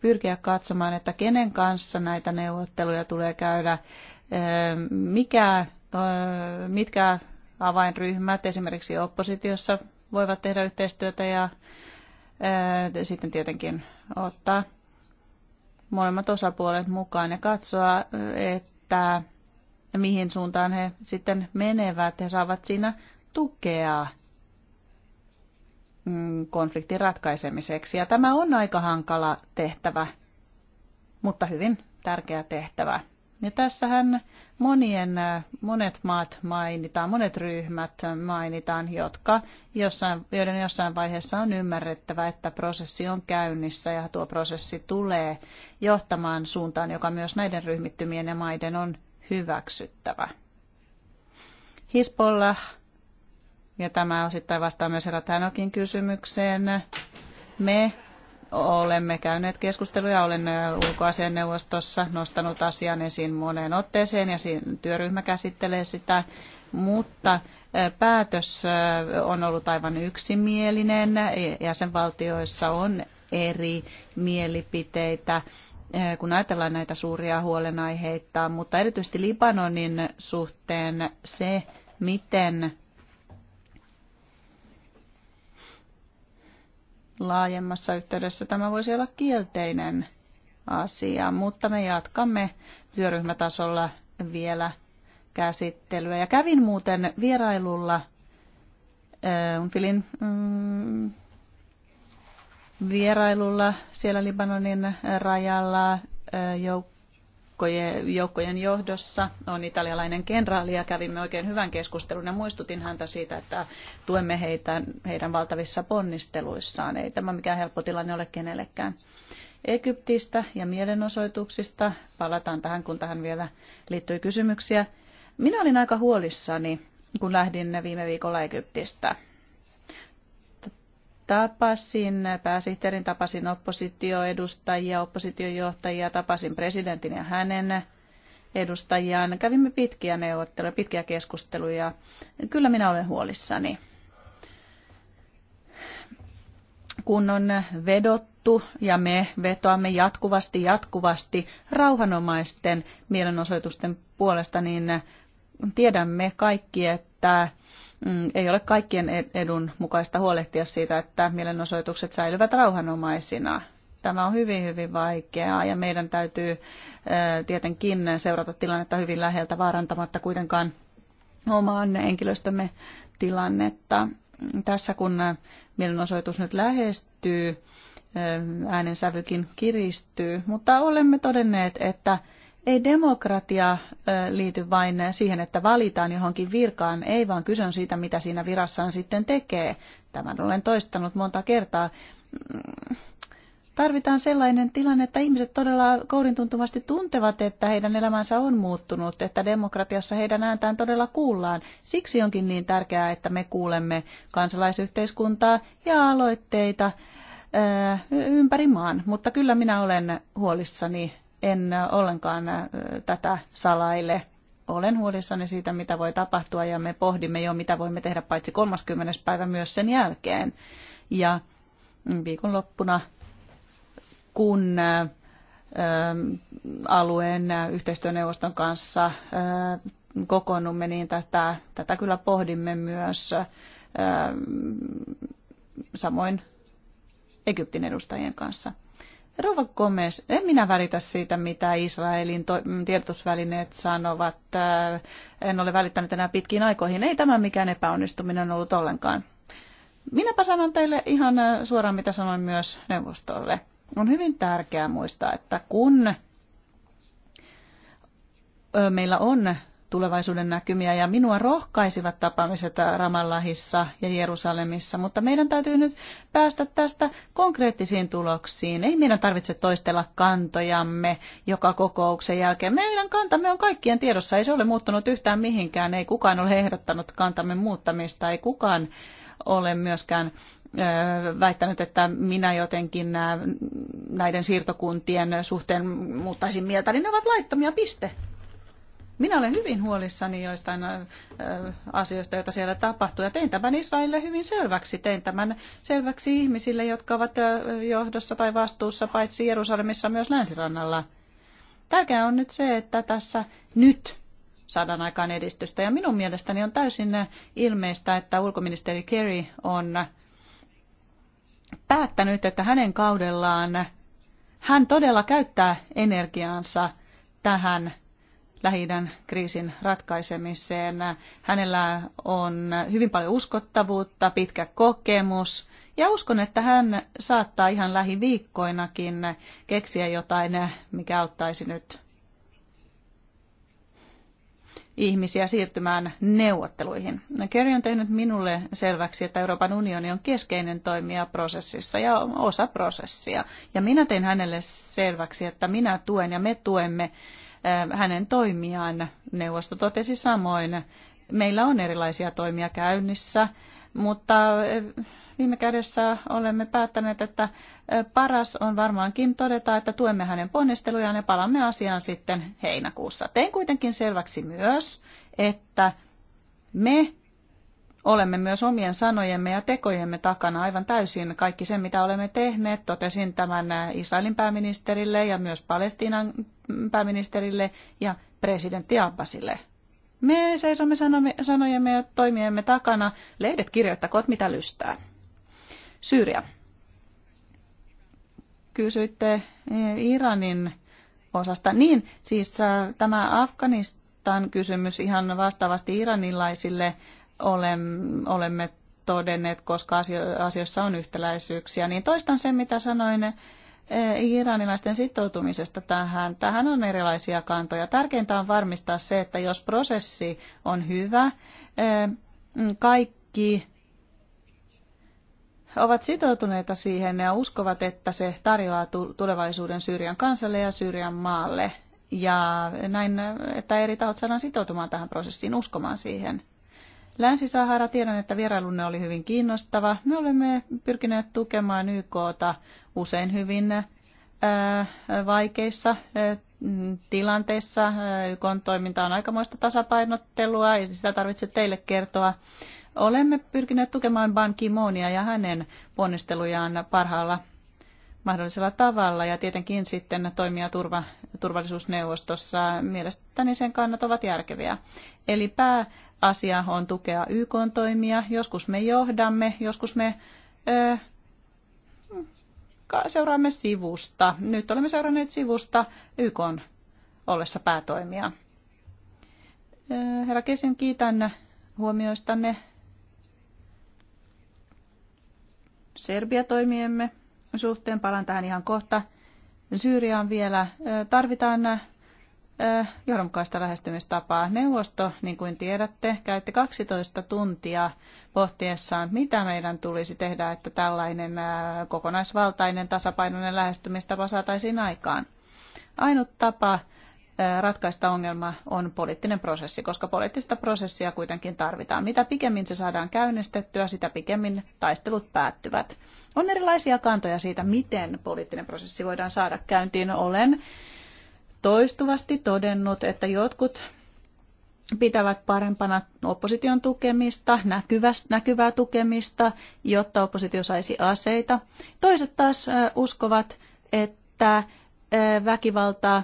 pyrkiä katsomaan, että kenen kanssa näitä neuvotteluja tulee käydä, mikä, mitkä avainryhmät esimerkiksi oppositiossa voivat tehdä yhteistyötä ja sitten tietenkin ottaa molemmat osapuolet mukaan ja katsoa, että mihin suuntaan he sitten menevät. ja saavat siinä tukea mm, konfliktin ratkaisemiseksi. Ja tämä on aika hankala tehtävä, mutta hyvin tärkeä tehtävä. Ja tässähän monien, monet maat mainitaan, monet ryhmät mainitaan, jotka jossain, joiden jossain vaiheessa on ymmärrettävä, että prosessi on käynnissä ja tuo prosessi tulee johtamaan suuntaan, joka myös näiden ryhmittymien ja maiden on hyväksyttävä. Hisbollah, ja tämä osittain vastaa myös Ratanokin kysymykseen, me Olemme käyneet keskusteluja, olen ulkoasianneuvostossa nostanut asian esiin moneen otteeseen ja työryhmä käsittelee sitä, mutta päätös on ollut aivan yksimielinen. Jäsenvaltioissa on eri mielipiteitä kun ajatellaan näitä suuria huolenaiheita, mutta erityisesti Libanonin suhteen se, miten laajemmassa yhteydessä tämä voisi olla kielteinen asia, mutta me jatkamme työryhmätasolla vielä käsittelyä. Ja kävin muuten vierailulla äh, Unfilin mm, vierailulla siellä Libanonin rajalla äh, jouk- joukkojen johdossa on italialainen kenraali ja kävimme oikein hyvän keskustelun ja muistutin häntä siitä, että tuemme heitä heidän valtavissa ponnisteluissaan. Ei tämä mikään helppo tilanne ole kenellekään. Egyptistä ja mielenosoituksista. Palataan tähän, kun tähän vielä liittyy kysymyksiä. Minä olin aika huolissani, kun lähdin viime viikolla Egyptistä. Tapasin pääsihteerin, tapasin oppositioedustajia, oppositiojohtajia, tapasin presidentin ja hänen edustajiaan. Kävimme pitkiä neuvotteluja, pitkiä keskusteluja. Kyllä minä olen huolissani. Kun on vedottu ja me vetoamme jatkuvasti, jatkuvasti rauhanomaisten mielenosoitusten puolesta, niin tiedämme kaikki, että Mm, ei ole kaikkien e- edun mukaista huolehtia siitä, että mielenosoitukset säilyvät rauhanomaisina. Tämä on hyvin, hyvin vaikeaa ja meidän täytyy tietenkin seurata tilannetta hyvin läheltä vaarantamatta kuitenkaan omaan henkilöstömme tilannetta. Mm, tässä kun mielenosoitus nyt lähestyy, äänensävykin kiristyy, mutta olemme todenneet, että ei demokratia liity vain siihen, että valitaan johonkin virkaan, ei vaan kyse on siitä, mitä siinä virassaan sitten tekee. Tämän olen toistanut monta kertaa. Mm, tarvitaan sellainen tilanne, että ihmiset todella kourintuntuvasti tuntevat, että heidän elämänsä on muuttunut, että demokratiassa heidän ääntään todella kuullaan. Siksi onkin niin tärkeää, että me kuulemme kansalaisyhteiskuntaa ja aloitteita ympäri maan. Mutta kyllä minä olen huolissani en ollenkaan tätä salaile. Olen huolissani siitä, mitä voi tapahtua ja me pohdimme jo, mitä voimme tehdä paitsi 30. päivä myös sen jälkeen. Ja viikonloppuna, kun alueen yhteistyöneuvoston kanssa kokoonnumme, niin tätä, tätä kyllä pohdimme myös samoin Egyptin edustajien kanssa. Rova Gomez, en minä välitä siitä, mitä Israelin to- mm, tiedotusvälineet sanovat. Äh, en ole välittänyt enää pitkiin aikoihin. Ei tämä mikään epäonnistuminen ollut ollenkaan. Minäpä sanon teille ihan äh, suoraan, mitä sanoin myös neuvostolle. On hyvin tärkeää muistaa, että kun meillä on tulevaisuuden näkymiä ja minua rohkaisivat tapaamiset Ramallahissa ja Jerusalemissa, mutta meidän täytyy nyt päästä tästä konkreettisiin tuloksiin. Ei meidän tarvitse toistella kantojamme joka kokouksen jälkeen. Meidän kantamme on kaikkien tiedossa, ei se ole muuttunut yhtään mihinkään, ei kukaan ole ehdottanut kantamme muuttamista, ei kukaan ole myöskään väittänyt, että minä jotenkin näiden siirtokuntien suhteen muuttaisin mieltä, niin ne ovat laittomia piste. Minä olen hyvin huolissani joistain asioista, joita siellä tapahtuu. Ja tein tämän Israelille hyvin selväksi. Tein tämän selväksi ihmisille, jotka ovat johdossa tai vastuussa paitsi Jerusalemissa myös länsirannalla. Tärkeää on nyt se, että tässä nyt saadaan aikaan edistystä. Ja minun mielestäni on täysin ilmeistä, että ulkoministeri Kerry on päättänyt, että hänen kaudellaan hän todella käyttää energiaansa tähän lähi kriisin ratkaisemiseen. Hänellä on hyvin paljon uskottavuutta, pitkä kokemus ja uskon, että hän saattaa ihan lähiviikkoinakin keksiä jotain, mikä auttaisi nyt ihmisiä siirtymään neuvotteluihin. Kerry on tehnyt minulle selväksi, että Euroopan unioni on keskeinen toimija prosessissa ja osa prosessia. Ja minä tein hänelle selväksi, että minä tuen ja me tuemme hänen toimiaan. Neuvosto totesi samoin. Meillä on erilaisia toimia käynnissä, mutta viime kädessä olemme päättäneet, että paras on varmaankin todeta, että tuemme hänen ponnistelujaan ja palamme asiaan sitten heinäkuussa. Tein kuitenkin selväksi myös, että me olemme myös omien sanojemme ja tekojemme takana aivan täysin. Kaikki se, mitä olemme tehneet, totesin tämän Israelin pääministerille ja myös Palestiinan pääministerille ja presidentti Abbasille. Me seisomme sanojemme ja toimiemme takana. Lehdet kirjoittakoot mitä lystää. Syyria. Kysyitte eh, Iranin osasta. Niin, siis äh, tämä Afganistan kysymys ihan vastaavasti iranilaisille olemme todenneet, koska asioissa on yhtäläisyyksiä, niin toistan sen, mitä sanoin eh, iranilaisten sitoutumisesta tähän. Tähän on erilaisia kantoja. Tärkeintä on varmistaa se, että jos prosessi on hyvä, eh, kaikki ovat sitoutuneita siihen ja uskovat, että se tarjoaa tulevaisuuden Syyrian kansalle ja Syyrian maalle. Ja näin, että eri tahot saadaan sitoutumaan tähän prosessiin, uskomaan siihen. Länsi-Sahara, tiedän, että vierailunne oli hyvin kiinnostava. Me olemme pyrkineet tukemaan YKta usein hyvin äh, vaikeissa äh, tilanteissa. YKn toiminta on aikamoista tasapainottelua ja sitä tarvitse teille kertoa. Olemme pyrkineet tukemaan Ban Ki-moonia ja hänen ponnistelujaan parhaalla mahdollisella tavalla ja tietenkin sitten toimia turva, turvallisuusneuvostossa mielestäni sen kannat ovat järkeviä. Eli pää asia on tukea YK-toimia. Joskus me johdamme, joskus me ö, seuraamme sivusta. Nyt olemme seuranneet sivusta YK ollessa päätoimia. Herra Kesin, kiitän huomioistanne Serbia-toimiemme suhteen. Palaan tähän ihan kohta. Syyriaan vielä. Tarvitaan johdonmukaista lähestymistapaa. Neuvosto, niin kuin tiedätte, käytti 12 tuntia pohtiessaan, mitä meidän tulisi tehdä, että tällainen kokonaisvaltainen tasapainoinen lähestymistapa saataisiin aikaan. Ainut tapa ratkaista ongelma on poliittinen prosessi, koska poliittista prosessia kuitenkin tarvitaan. Mitä pikemmin se saadaan käynnistettyä, sitä pikemmin taistelut päättyvät. On erilaisia kantoja siitä, miten poliittinen prosessi voidaan saada käyntiin. Olen toistuvasti todennut, että jotkut pitävät parempana opposition tukemista, näkyvää tukemista, jotta oppositio saisi aseita. Toiset taas uskovat, että väkivalta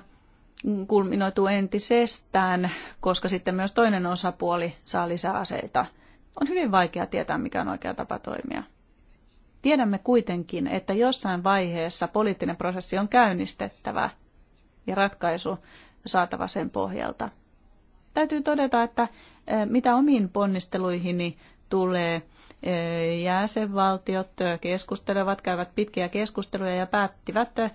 kulminoituu entisestään, koska sitten myös toinen osapuoli saa lisää aseita. On hyvin vaikea tietää, mikä on oikea tapa toimia. Tiedämme kuitenkin, että jossain vaiheessa poliittinen prosessi on käynnistettävä ja ratkaisu saatava sen pohjalta. Täytyy todeta, että e, mitä omiin ponnisteluihini tulee, e, jäsenvaltiot keskustelevat, käyvät pitkiä keskusteluja ja päättivät e,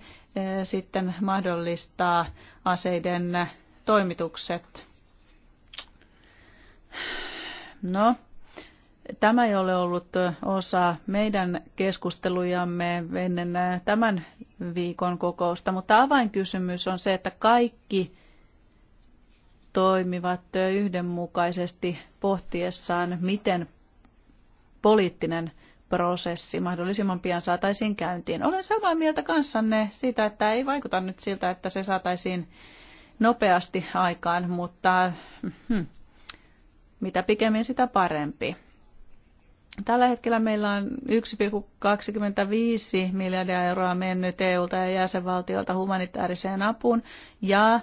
sitten mahdollistaa aseiden toimitukset. No, Tämä ei ole ollut osa meidän keskustelujamme ennen tämän viikon kokousta, mutta avainkysymys on se, että kaikki toimivat yhdenmukaisesti pohtiessaan, miten poliittinen prosessi mahdollisimman pian saataisiin käyntiin. Olen samaa mieltä kanssanne siitä, että ei vaikuta nyt siltä, että se saataisiin nopeasti aikaan, mutta hmm, mitä pikemmin sitä parempi. Tällä hetkellä meillä on 1,25 miljardia euroa mennyt EUlta ja jäsenvaltiolta humanitaariseen apuun ja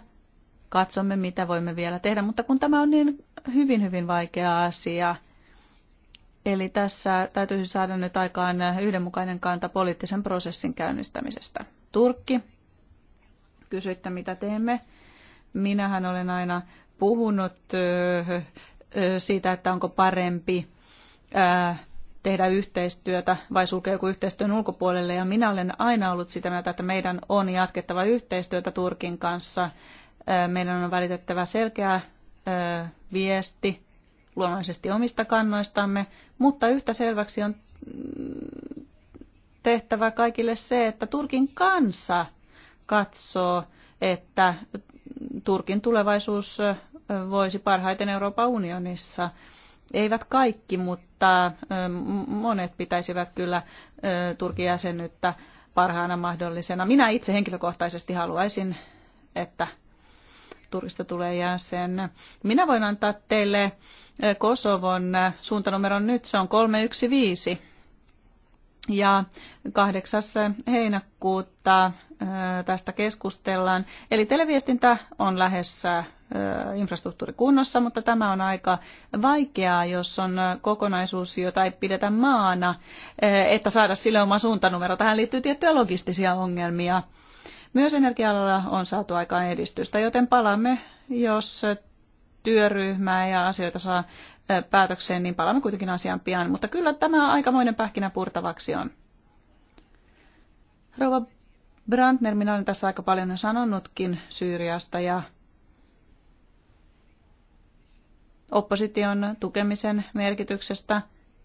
katsomme, mitä voimme vielä tehdä. Mutta kun tämä on niin hyvin, hyvin vaikea asia, eli tässä täytyisi saada nyt aikaan yhdenmukainen kanta poliittisen prosessin käynnistämisestä. Turkki, kysyitte, mitä teemme. Minähän olen aina puhunut siitä, että onko parempi tehdä yhteistyötä vai sulkeeko yhteistyön ulkopuolelle. Ja minä olen aina ollut sitä mieltä, että meidän on jatkettava yhteistyötä Turkin kanssa. Meidän on välitettävä selkeä viesti luonnollisesti omista kannoistamme, mutta yhtä selväksi on mm, tehtävä kaikille se, että Turkin kansa katsoo, että Turkin tulevaisuus voisi parhaiten Euroopan unionissa – eivät kaikki, mutta monet pitäisivät kyllä Turkin jäsenyyttä parhaana mahdollisena. Minä itse henkilökohtaisesti haluaisin, että Turkista tulee jäsen. Minä voin antaa teille Kosovon suuntanumeron nyt, se on 315 ja 8. heinäkuuta tästä keskustellaan. Eli televiestintä on lähes infrastruktuurikunnossa, mutta tämä on aika vaikeaa, jos on kokonaisuus, jota ei pidetä maana, että saada sille oma suuntanumero. Tähän liittyy tiettyjä logistisia ongelmia. Myös energia on saatu aikaan edistystä, joten palaamme, jos työryhmää ja asioita saa päätökseen, niin palaamme kuitenkin asiaan pian. Mutta kyllä tämä aikamoinen pähkinä purtavaksi on. Rouva Brandner, minä olen tässä aika paljon sanonutkin Syyriasta ja opposition tukemisen merkityksestä.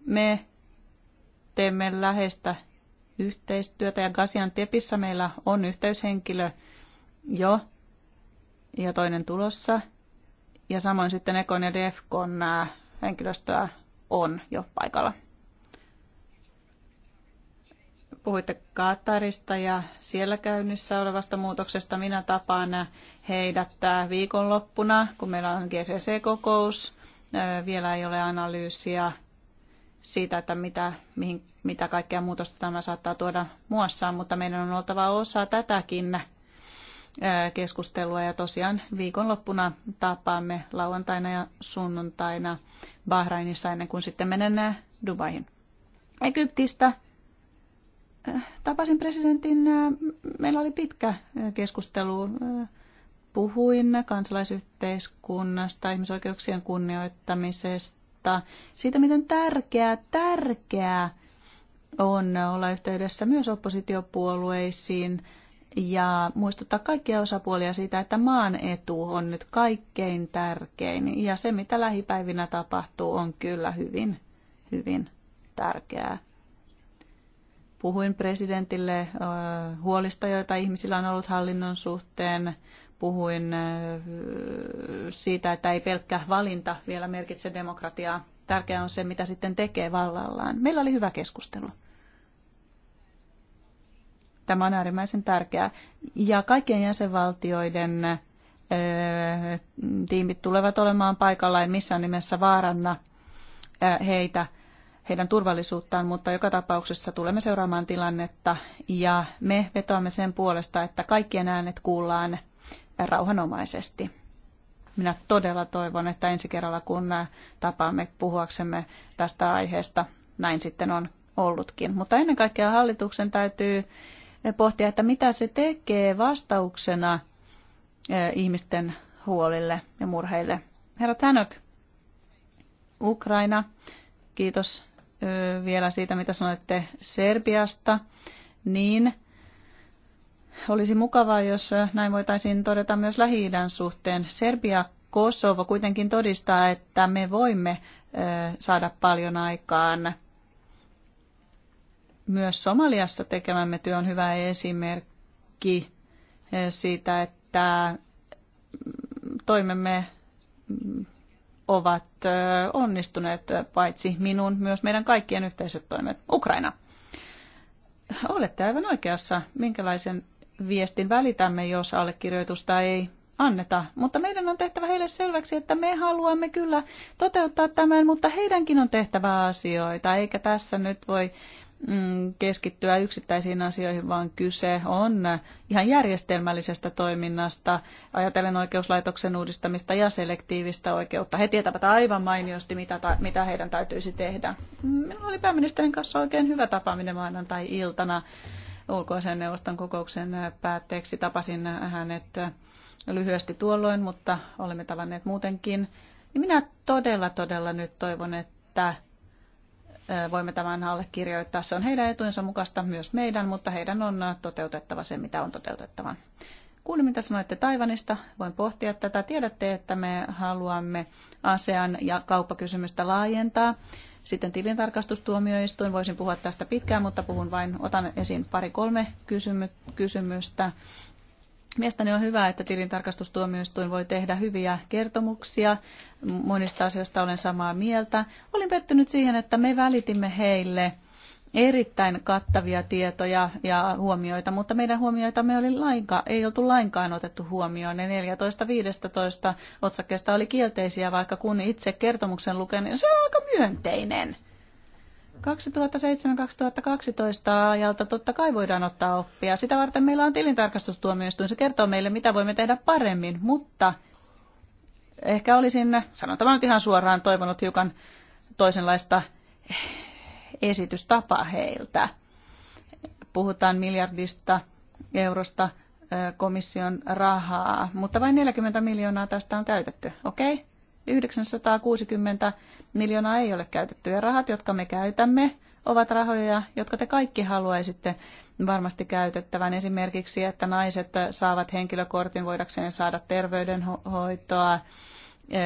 Me teemme läheistä yhteistyötä ja Gasian Tepissä meillä on yhteyshenkilö jo ja toinen tulossa ja samoin sitten Ekon ja Defcon henkilöstöä on jo paikalla. Puhuitte kaattarista ja siellä käynnissä olevasta muutoksesta. Minä tapaan heidät viikonloppuna, kun meillä on GCC-kokous. Vielä ei ole analyysiä siitä, että mitä, mihin, mitä kaikkea muutosta tämä saattaa tuoda muassaan, mutta meidän on oltava osa tätäkin keskustelua ja tosiaan viikonloppuna tapaamme lauantaina ja sunnuntaina Bahrainissa ennen kuin sitten menemme Dubaihin. Egyptistä tapasin presidentin, meillä oli pitkä keskustelu, puhuin kansalaisyhteiskunnasta, ihmisoikeuksien kunnioittamisesta, siitä miten tärkeää, tärkeää on olla yhteydessä myös oppositiopuolueisiin, ja muistuttaa kaikkia osapuolia siitä, että maan etu on nyt kaikkein tärkein. Ja se, mitä lähipäivinä tapahtuu, on kyllä hyvin, hyvin tärkeää. Puhuin presidentille huolista, joita ihmisillä on ollut hallinnon suhteen. Puhuin siitä, että ei pelkkä valinta vielä merkitse demokratiaa. Tärkeää on se, mitä sitten tekee vallallaan. Meillä oli hyvä keskustelu. Tämä on äärimmäisen tärkeää. Ja kaikkien jäsenvaltioiden tiimit tulevat olemaan paikalla, en missään nimessä vaaranna heitä, heidän turvallisuuttaan, mutta joka tapauksessa tulemme seuraamaan tilannetta ja me vetoamme sen puolesta, että kaikkien äänet kuullaan rauhanomaisesti. Minä todella toivon, että ensi kerralla kun tapaamme puhuaksemme tästä aiheesta, näin sitten on ollutkin. Mutta ennen kaikkea hallituksen täytyy pohtia, että mitä se tekee vastauksena eh, ihmisten huolille ja murheille. Herra Tänök, Ukraina, kiitos vielä siitä, mitä sanoitte Serbiasta, niin olisi mukavaa, jos näin voitaisiin todeta myös lähi suhteen. Serbia Kosovo kuitenkin todistaa, että me voimme saada paljon aikaan myös Somaliassa tekemämme työ on hyvä esimerkki eh, siitä, että mm, toimemme mm, ovat eh, onnistuneet paitsi minun, myös meidän kaikkien yhteiset toimet. Ukraina. Olette aivan oikeassa, minkälaisen viestin välitämme, jos allekirjoitusta ei anneta. Mutta meidän on tehtävä heille selväksi, että me haluamme kyllä toteuttaa tämän, mutta heidänkin on tehtävä asioita, eikä tässä nyt voi Mm, keskittyä yksittäisiin asioihin, vaan kyse on ihan järjestelmällisestä toiminnasta, ajatellen oikeuslaitoksen uudistamista ja selektiivistä oikeutta. He tietävät aivan mainiosti, mitä, ta- mitä heidän täytyisi tehdä. Minulla oli pääministerin kanssa oikein hyvä tapaaminen maanantai-iltana ulkoisen neuvoston kokouksen päätteeksi. Tapasin hänet lyhyesti tuolloin, mutta olemme tavanneet muutenkin. Niin minä todella, todella nyt toivon, että voimme tämän allekirjoittaa. Se on heidän etujensa mukaista myös meidän, mutta heidän on toteutettava se, mitä on toteutettava. Kuulin, mitä sanoitte Taivanista. Voin pohtia tätä. Tiedätte, että me haluamme ASEAN ja kauppakysymystä laajentaa. Sitten tilintarkastustuomioistuin, voisin puhua tästä pitkään, mutta puhun vain, otan esiin pari-kolme kysymy- kysymystä. Mielestäni on hyvä, että tilintarkastustuomioistuin voi tehdä hyviä kertomuksia. Monista asioista olen samaa mieltä. Olin pettynyt siihen, että me välitimme heille erittäin kattavia tietoja ja huomioita, mutta meidän huomioitamme oli lainka. ei oltu lainkaan otettu huomioon. Ne 14-15 otsakkeesta oli kielteisiä, vaikka kun itse kertomuksen luken, niin se on aika myönteinen. 2007-2012 ajalta totta kai voidaan ottaa oppia. Sitä varten meillä on tilintarkastustuomioistuin. Se kertoo meille, mitä voimme tehdä paremmin, mutta ehkä olisin, sanon nyt ihan suoraan, toivonut hiukan toisenlaista esitystapaa heiltä. Puhutaan miljardista eurosta komission rahaa, mutta vain 40 miljoonaa tästä on käytetty. Okei? Okay? 960 miljoonaa ei ole käytetty. Ja rahat, jotka me käytämme, ovat rahoja, jotka te kaikki haluaisitte varmasti käytettävän. Esimerkiksi, että naiset saavat henkilökortin voidakseen saada terveydenhoitoa,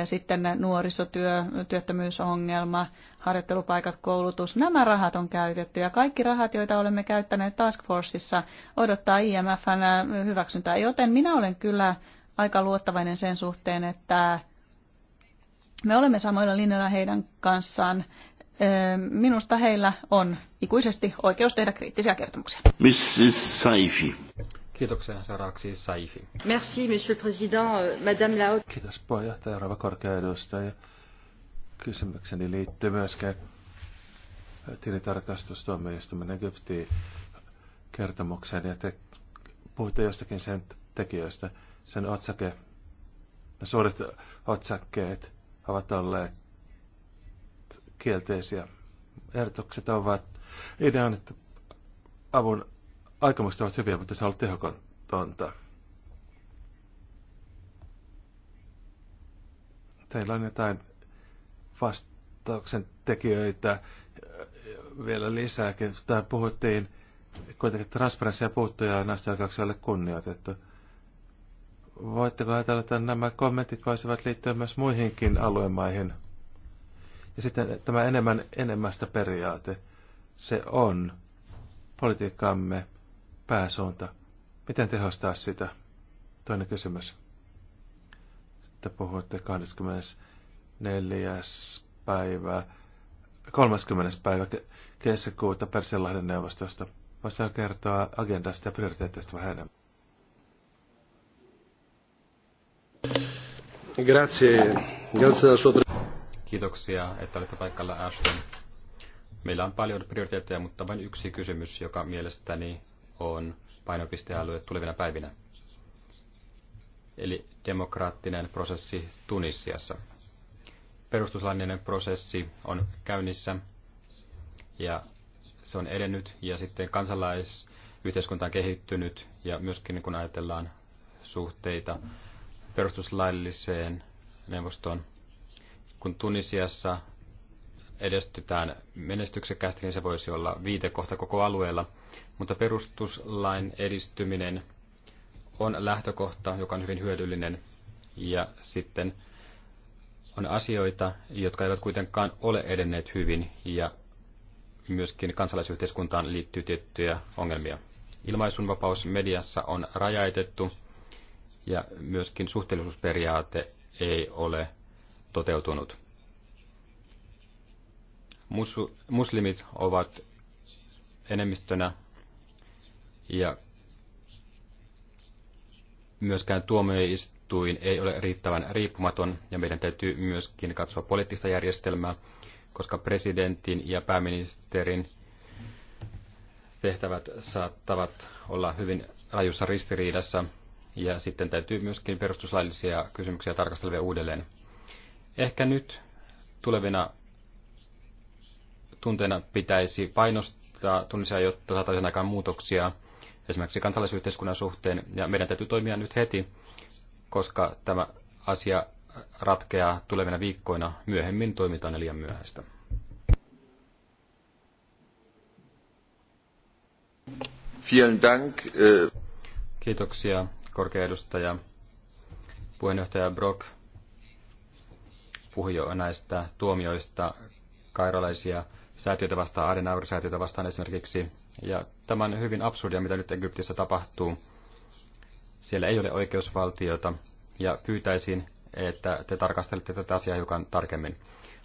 sitten nuorisotyö, työttömyysongelma, harjoittelupaikat, koulutus. Nämä rahat on käytetty ja kaikki rahat, joita olemme käyttäneet Task Forceissa, odottaa IMFn hyväksyntää. Joten minä olen kyllä aika luottavainen sen suhteen, että me olemme samoilla linjoilla heidän kanssaan. Minusta heillä on ikuisesti oikeus tehdä kriittisiä kertomuksia. Mrs. Saifi. Kiitoksia seuraavaksi Saifi. Merci, monsieur le président, madame la haute. Kiitos puheenjohtaja, rouva korkea edustaja. Kysymykseni liittyy myöskin tilitarkastustuomioistuimen Egyptiin kertomukseen ja te puhutte jostakin sen tekijöistä, sen otsake, ne suuret otsakkeet, ovat olleet kielteisiä. Ehdotukset ovat, idea on, että avun aikomukset ovat hyviä, mutta se on ollut tehokontonta. Teillä on jotain vastauksen tekijöitä äh, vielä lisääkin. Tämä puhuttiin kuitenkin transparenssia puuttuja ja naisten oikeuksia kunnioitettu voitteko ajatella, että nämä kommentit voisivat liittyä myös muihinkin aluemaihin? Ja sitten tämä enemmän enemmästä periaate, se on politiikkaamme pääsuunta. Miten tehostaa sitä? Toinen kysymys. Sitten puhutte 24. päivä, 30. päivä kesäkuuta Persianlahden neuvostosta. Voisitko kertoa agendasta ja prioriteetteista vähän enemmän? Grazie. Grazie Kiitoksia, että olette paikalla Ashton. Meillä on paljon prioriteetteja, mutta vain yksi kysymys, joka mielestäni on painopistealue tulevina päivinä. Eli demokraattinen prosessi Tunisiassa. Perustuslaillinen prosessi on käynnissä ja se on edennyt ja sitten kansalaisyhteiskunta on kehittynyt ja myöskin kun ajatellaan suhteita mm perustuslailliseen neuvostoon. Kun Tunisiassa edestytään menestyksekkäästi, niin se voisi olla viitekohta koko alueella, mutta perustuslain edistyminen on lähtökohta, joka on hyvin hyödyllinen, ja sitten on asioita, jotka eivät kuitenkaan ole edenneet hyvin, ja myöskin kansalaisyhteiskuntaan liittyy tiettyjä ongelmia. Ilmaisunvapaus mediassa on rajaitettu, ja myöskin suhteellisuusperiaate ei ole toteutunut. Muslimit ovat enemmistönä ja myöskään tuomioistuin ei ole riittävän riippumaton ja meidän täytyy myöskin katsoa poliittista järjestelmää, koska presidentin ja pääministerin tehtävät saattavat olla hyvin rajussa ristiriidassa ja sitten täytyy myöskin perustuslaillisia kysymyksiä tarkastella vielä uudelleen. Ehkä nyt tulevina tunteina pitäisi painostaa tunnisia, jotta saataisiin aikaan muutoksia esimerkiksi kansalaisyhteiskunnan suhteen, ja meidän täytyy toimia nyt heti, koska tämä asia ratkeaa tulevina viikkoina. Myöhemmin toimitaan liian myöhäistä. Vielen Dank. Äh, Kiitoksia korkea edustaja, puheenjohtaja Brock puhui jo näistä tuomioista kairalaisia säätiöitä vastaan, Adenauer-säätiöitä vastaan esimerkiksi. Ja tämä on hyvin absurdia, mitä nyt Egyptissä tapahtuu. Siellä ei ole oikeusvaltiota ja pyytäisin, että te tarkastelette tätä asiaa hiukan tarkemmin.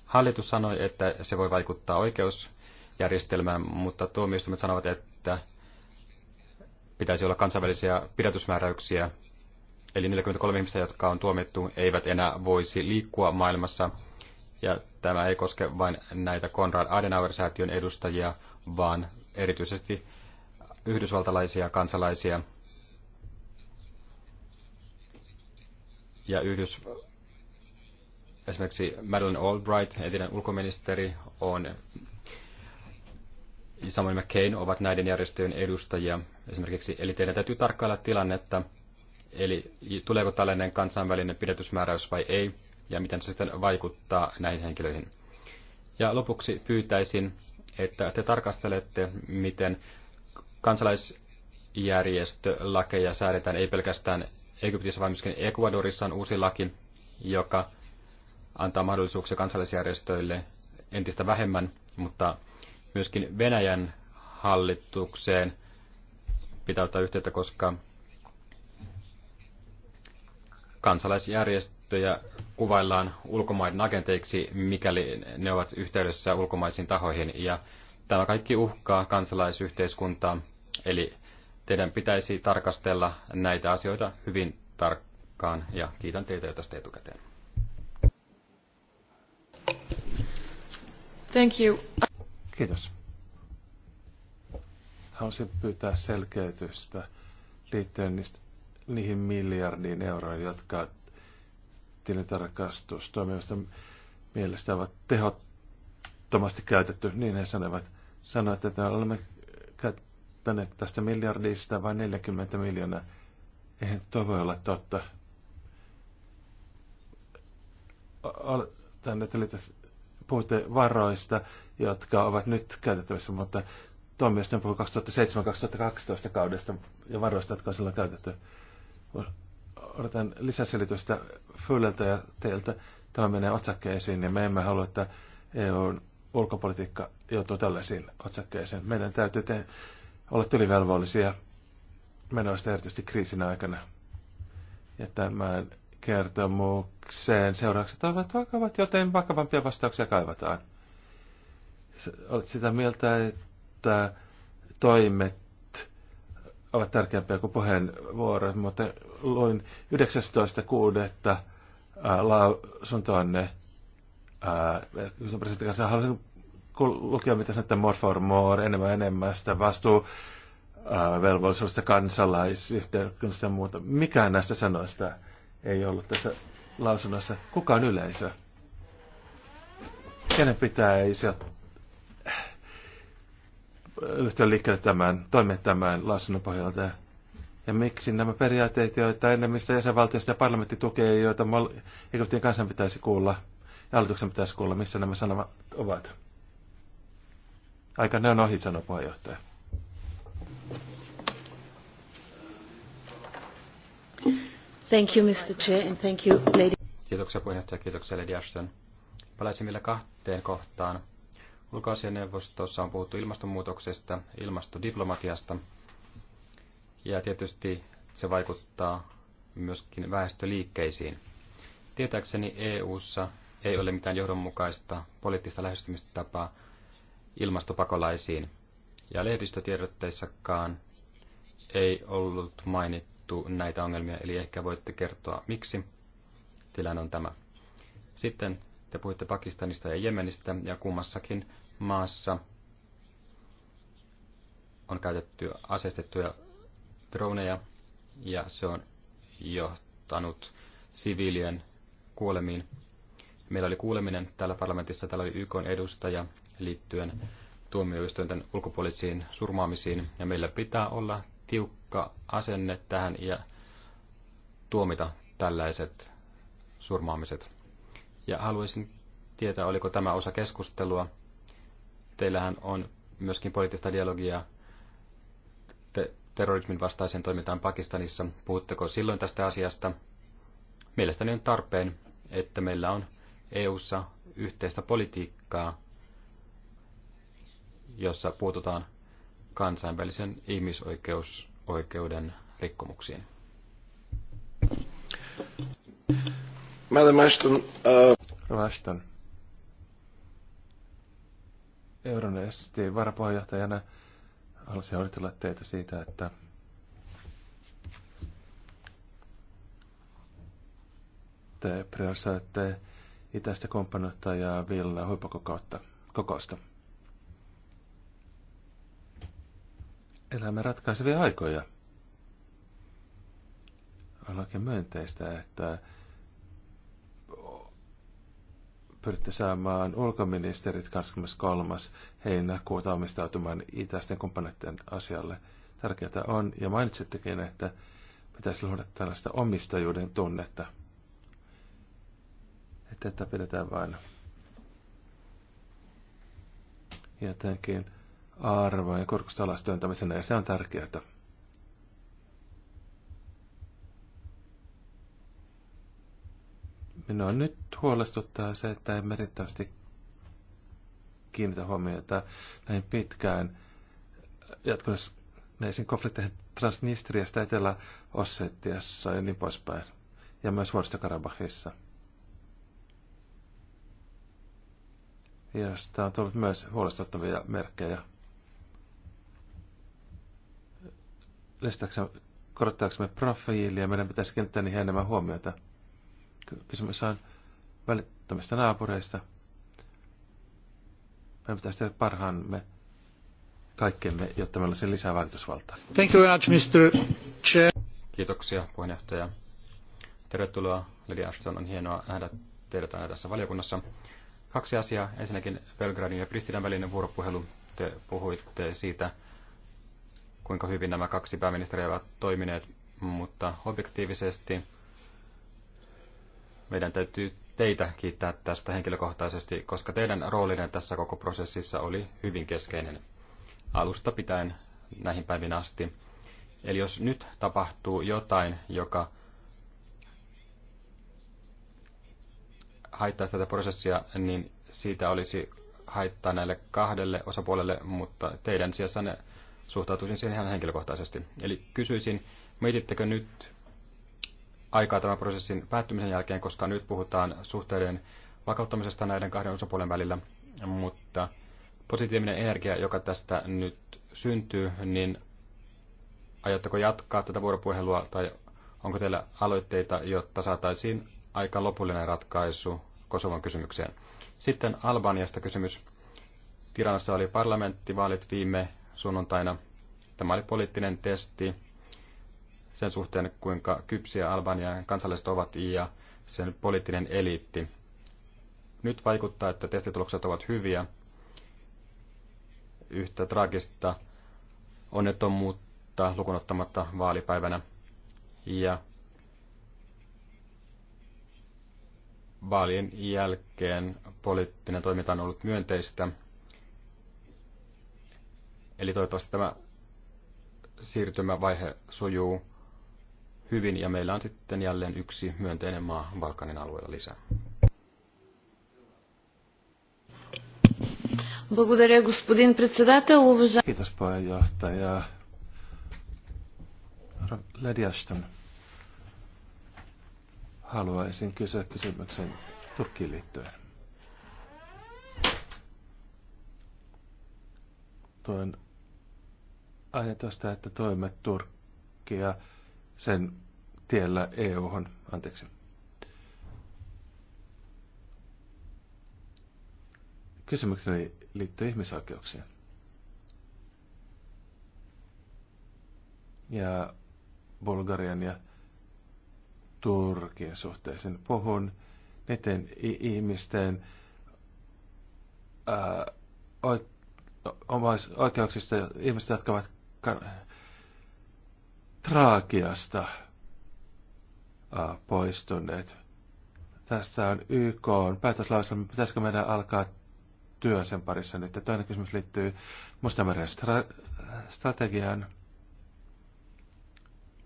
Hallitus sanoi, että se voi vaikuttaa oikeusjärjestelmään, mutta tuomioistuimet sanovat, että pitäisi olla kansainvälisiä pidätysmääräyksiä. Eli 43 ihmistä, jotka on tuomittu, eivät enää voisi liikkua maailmassa. Ja tämä ei koske vain näitä Konrad Adenauer-säätiön edustajia, vaan erityisesti yhdysvaltalaisia kansalaisia. Ja Yhdys... esimerkiksi Madeleine Albright, entinen ulkoministeri, on samoin McCain ovat näiden järjestöjen edustajia esimerkiksi. Eli teidän täytyy tarkkailla tilannetta, eli tuleeko tällainen kansainvälinen pidätysmääräys vai ei, ja miten se sitten vaikuttaa näihin henkilöihin. Ja lopuksi pyytäisin, että te tarkastelette, miten kansalaisjärjestölakeja säädetään ei pelkästään Egyptissä, vaan myöskin Ecuadorissa on uusi laki, joka antaa mahdollisuuksia kansalaisjärjestöille entistä vähemmän, mutta myöskin Venäjän hallitukseen pitää ottaa yhteyttä, koska kansalaisjärjestöjä kuvaillaan ulkomaiden agenteiksi, mikäli ne ovat yhteydessä ulkomaisiin tahoihin. Ja tämä kaikki uhkaa kansalaisyhteiskuntaa, eli teidän pitäisi tarkastella näitä asioita hyvin tarkkaan, ja kiitän teitä jo tästä etukäteen. Thank you. Kiitos. Haluaisin pyytää selkeytystä liittyen niistä, niihin miljardiin euroihin, jotka tilintarkastustoimijoista mielestä ovat tehottomasti käytetty, niin he sanovat. sanoivat että olemme käyttäneet tästä miljardista vain 40 miljoonaa. Eihän tuo voi olla totta. Tänne tuli puhutte varoista, jotka ovat nyt käytettävissä, mutta tuomioistuin puhui 2007-2012 kaudesta ja varoista, jotka on silloin käytetty. Odotan lisäselitystä Fylleltä ja teiltä. Tämä menee otsakkeisiin niin me emme halua, että EUn ulkopolitiikka joutuu tällaisiin otsakkeisiin. Meidän täytyy te- olla tylivelvollisia menoista erityisesti kriisin aikana. Ja tämän kertomukseen seuraukset ovat vakavat, joten vakavampia vastauksia kaivataan. Olet sitä mieltä, että toimet ovat tärkeämpiä kuin puheenvuorot, mutta luin 19.6. lausuntoanne presidentin kanssa. Haluaisin lukea, mitä sanotte more for more, enemmän enemmästä, vastuu velvollisuudesta, kansalaisyhteydestä ja muuta. Mikään näistä sanoista ei ollut tässä lausunnossa. Kuka on yleisö? Kenen se ryhtyä äh, liikkeelle tämän, toimia tämän lausunnon pohjalta? Ja miksi nämä periaatteet, joita enemmistö jäsenvaltiosta ja parlamentti tukee, joita Egyptin kansan pitäisi kuulla ja hallituksen pitäisi kuulla, missä nämä sanomat ovat? Aika ne on ohi, sanoi puheenjohtaja. Thank you, Mr. Chair, and thank you, lady. Kiitoksia puheenjohtaja, kiitoksia Lady Ashton. Palaisin vielä kahteen kohtaan. Ulkoasianneuvostossa on puhuttu ilmastonmuutoksesta, ilmastodiplomatiasta, ja tietysti se vaikuttaa myöskin väestöliikkeisiin. Tietääkseni EU:ssa ei ole mitään johdonmukaista poliittista lähestymistapaa ilmastopakolaisiin, ja lehdistötiedotteissakaan ei ollut mainittu näitä ongelmia, eli ehkä voitte kertoa, miksi tilanne on tämä. Sitten te puhutte Pakistanista ja Jemenistä, ja kummassakin maassa on käytetty aseistettuja droneja, ja se on johtanut siviilien kuolemiin. Meillä oli kuuleminen täällä parlamentissa, täällä oli YK edustaja liittyen tuomioistuinten ulkopuolisiin surmaamisiin, ja meillä pitää olla tiukka asenne tähän ja tuomita tällaiset surmaamiset. Ja haluaisin tietää, oliko tämä osa keskustelua. Teillähän on myöskin poliittista dialogia te- terrorismin vastaiseen toimintaan Pakistanissa. Puhutteko silloin tästä asiasta? Mielestäni on tarpeen, että meillä on EU:ssa yhteistä politiikkaa, jossa puututaan kansainvälisen ihmisoikeusoikeuden rikkomuksiin. Madam Ashton, uh... Ashton. Euronestin varapuheenjohtajana haluaisin onnitella teitä siitä, että te priorisoitte itäistä kumppanuutta ja vielä huippukokousta. elämme ratkaisevia aikoja. On oikein myönteistä, että pyritte saamaan ulkoministerit 23. heinäkuuta omistautumaan itäisten kumppaneiden asialle. Tärkeää on, ja mainitsittekin, että pitäisi luoda tällaista omistajuuden tunnetta. Että tätä pidetään vain jotenkin arvojen kurkusta alas työntämisenä, ja se on tärkeää. Minua nyt huolestuttaa se, että en merittävästi kiinnitä huomiota näin pitkään näisiin konflikteihin Transnistriasta, Etelä-Ossetiassa ja niin poispäin, ja myös Vuoristokarabahissa. josta on tullut myös huolestuttavia merkkejä. korottaaksemme profiilia, meidän pitäisi kenttää niihin enemmän huomiota. Kysymys on välittömistä naapureista. Meidän pitäisi tehdä parhaamme kaikkemme, jotta meillä olisi lisää vaikutusvaltaa. Thank you very much, Mr. Chair. Kiitoksia, puheenjohtaja. Tervetuloa, Lady Ashton. On hienoa nähdä teidät aina tässä valiokunnassa. Kaksi asiaa. Ensinnäkin Belgradin ja Pristinan välinen vuoropuhelu. Te puhuitte siitä, kuinka hyvin nämä kaksi pääministeriä ovat toimineet, mutta objektiivisesti meidän täytyy teitä kiittää tästä henkilökohtaisesti, koska teidän roolinne tässä koko prosessissa oli hyvin keskeinen alusta pitäen näihin päivin asti. Eli jos nyt tapahtuu jotain, joka haittaa tätä prosessia, niin siitä olisi haittaa näille kahdelle osapuolelle, mutta teidän sijassanne Suhtautuisin siihen ihan henkilökohtaisesti. Eli kysyisin, mietittekö nyt aikaa tämän prosessin päättymisen jälkeen, koska nyt puhutaan suhteiden vakauttamisesta näiden kahden osapuolen välillä, mutta positiivinen energia, joka tästä nyt syntyy, niin aiotteko jatkaa tätä vuoropuhelua tai onko teillä aloitteita, jotta saataisiin aika lopullinen ratkaisu Kosovan kysymykseen? Sitten Albaniasta kysymys. Tiranassa oli parlamenttivaalit viime sunnuntaina. Tämä oli poliittinen testi sen suhteen, kuinka kypsiä Albanian kansalaiset ovat ja sen poliittinen eliitti. Nyt vaikuttaa, että testitulokset ovat hyviä. Yhtä traagista onnettomuutta lukunottamatta vaalipäivänä. Ja vaalien jälkeen poliittinen toiminta on ollut myönteistä Eli toivottavasti tämä siirtymävaihe sujuu hyvin ja meillä on sitten jälleen yksi myönteinen maa Balkanin alueella lisää. Благодаря, господин председател. Уважа... Kiitos puheenjohtaja. Lady Ashton, haluaisin kysyä kysymyksen Turkkiin liittyen. Tuen ajatusta, että toimet Turkkia sen tiellä EU-hon. Anteeksi. Kysymykseni liittyy ihmisoikeuksiin. Ja Bulgarian ja Turkin suhteeseen puhun niiden ihmisten ää, no, omais- oikeuksista, ihmistä, jotka ovat Traakiasta poistuneet. Tässä on YK on päätöslauselma. Pitäisikö meidän alkaa työ sen parissa nyt? Ja toinen kysymys liittyy Mustameren stra- strategiaan.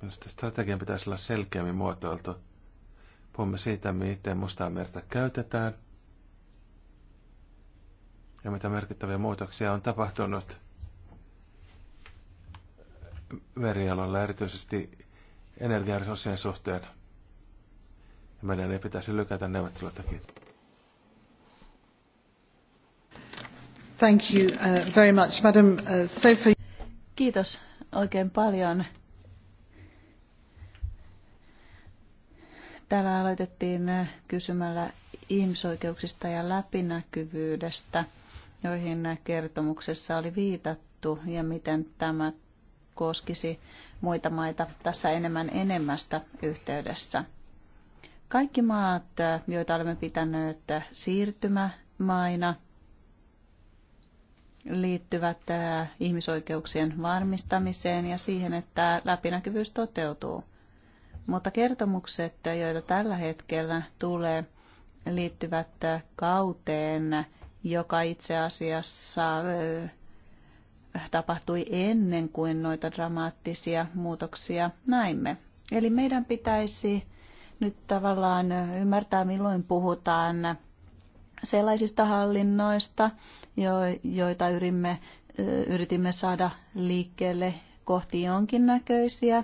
Minusta strategian pitäisi olla selkeämmin muotoiltu. Puhumme siitä, miten Mustaa merta käytetään ja mitä merkittäviä muutoksia on tapahtunut – merialoilla erityisesti energiaresurssien suhteen. Ja meidän ei pitäisi lykätä neuvotteluita. Kiitos. Thank you uh, very much, Madam uh, Sophie. Kiitos oikein paljon. Täällä aloitettiin uh, kysymällä ihmisoikeuksista ja läpinäkyvyydestä, joihin kertomuksessa oli viitattu ja miten tämä koskisi muita maita tässä enemmän enemmästä yhteydessä. Kaikki maat, joita olemme pitäneet siirtymämaina, liittyvät ihmisoikeuksien varmistamiseen ja siihen, että läpinäkyvyys toteutuu. Mutta kertomukset, joita tällä hetkellä tulee, liittyvät kauteen, joka itse asiassa tapahtui ennen kuin noita dramaattisia muutoksia näimme. Eli meidän pitäisi nyt tavallaan ymmärtää, milloin puhutaan sellaisista hallinnoista, joita yrimme, yritimme saada liikkeelle kohti jonkinnäköisiä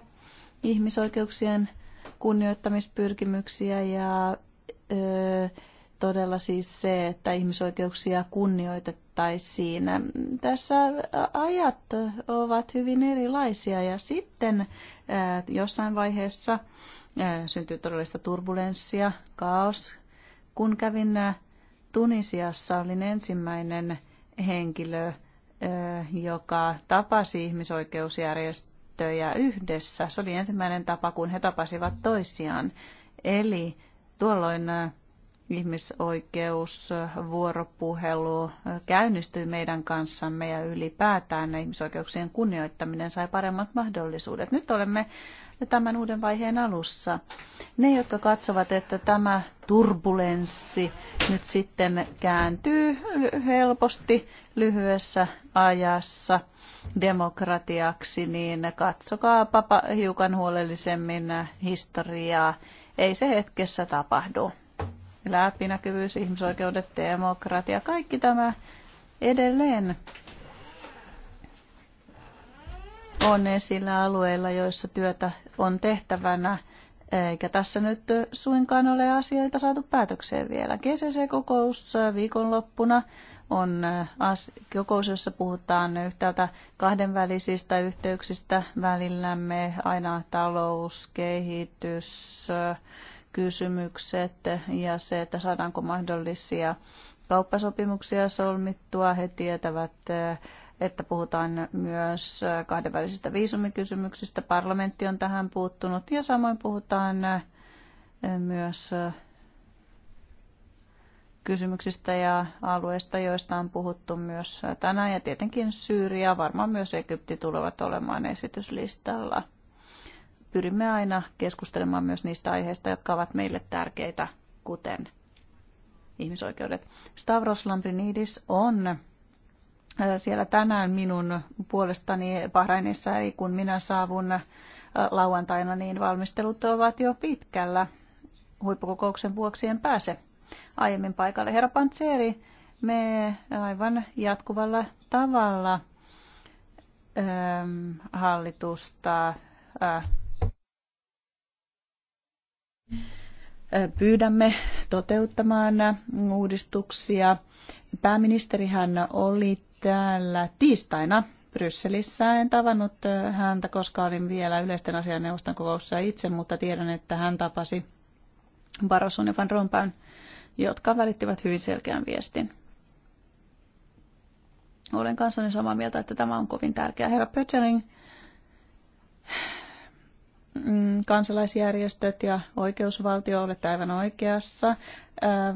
ihmisoikeuksien kunnioittamispyrkimyksiä ja todella siis se, että ihmisoikeuksia kunnioitettaisiin. Tässä ajat ovat hyvin erilaisia ja sitten eh, jossain vaiheessa eh, syntyy todellista turbulenssia, kaos. Kun kävin eh, Tunisiassa, olin ensimmäinen henkilö, joka tapasi ihmisoikeusjärjestöjä yhdessä. Se oli ensimmäinen tapa, kun he tapasivat toisiaan. Eli tuolloin ihmisoikeusvuoropuhelu käynnistyi meidän kanssamme ja ylipäätään ihmisoikeuksien kunnioittaminen sai paremmat mahdollisuudet. Nyt olemme tämän uuden vaiheen alussa. Ne, jotka katsovat, että tämä turbulenssi nyt sitten kääntyy helposti lyhyessä ajassa demokratiaksi, niin katsokaa hiukan huolellisemmin historiaa. Ei se hetkessä tapahdu läpinäkyvyys, ihmisoikeudet, demokratia, kaikki tämä edelleen on esillä alueilla, joissa työtä on tehtävänä, eikä tässä nyt suinkaan ole asioita saatu päätökseen vielä. GCC-kokous viikonloppuna on kokous, jossa puhutaan yhtäältä kahdenvälisistä yhteyksistä välillämme, aina talous, kehitys, kysymykset ja se, että saadaanko mahdollisia kauppasopimuksia solmittua. He tietävät, että puhutaan myös kahdenvälisistä viisumikysymyksistä. Parlamentti on tähän puuttunut ja samoin puhutaan myös kysymyksistä ja alueista, joista on puhuttu myös tänään. Ja tietenkin Syyria, varmaan myös Egypti tulevat olemaan esityslistalla pyrimme aina keskustelemaan myös niistä aiheista, jotka ovat meille tärkeitä, kuten ihmisoikeudet. Stavros Lambrinidis on äh, siellä tänään minun puolestani Bahrainissa, eli kun minä saavun äh, lauantaina, niin valmistelut ovat jo pitkällä. Huippukokouksen vuoksi en pääse aiemmin paikalle. Herra Pantseri, me aivan jatkuvalla tavalla ähm, hallitusta äh, pyydämme toteuttamaan uudistuksia. Pääministerihän oli täällä tiistaina Brysselissä. En tavannut häntä, koska olin vielä yleisten asianneuvoston kokouksessa itse, mutta tiedän, että hän tapasi Barroson ja Van Rompuyn, jotka välittivät hyvin selkeän viestin. Olen kanssani samaa mieltä, että tämä on kovin tärkeää. Herra Pötseling, Mm, kansalaisjärjestöt ja oikeusvaltio olette aivan oikeassa.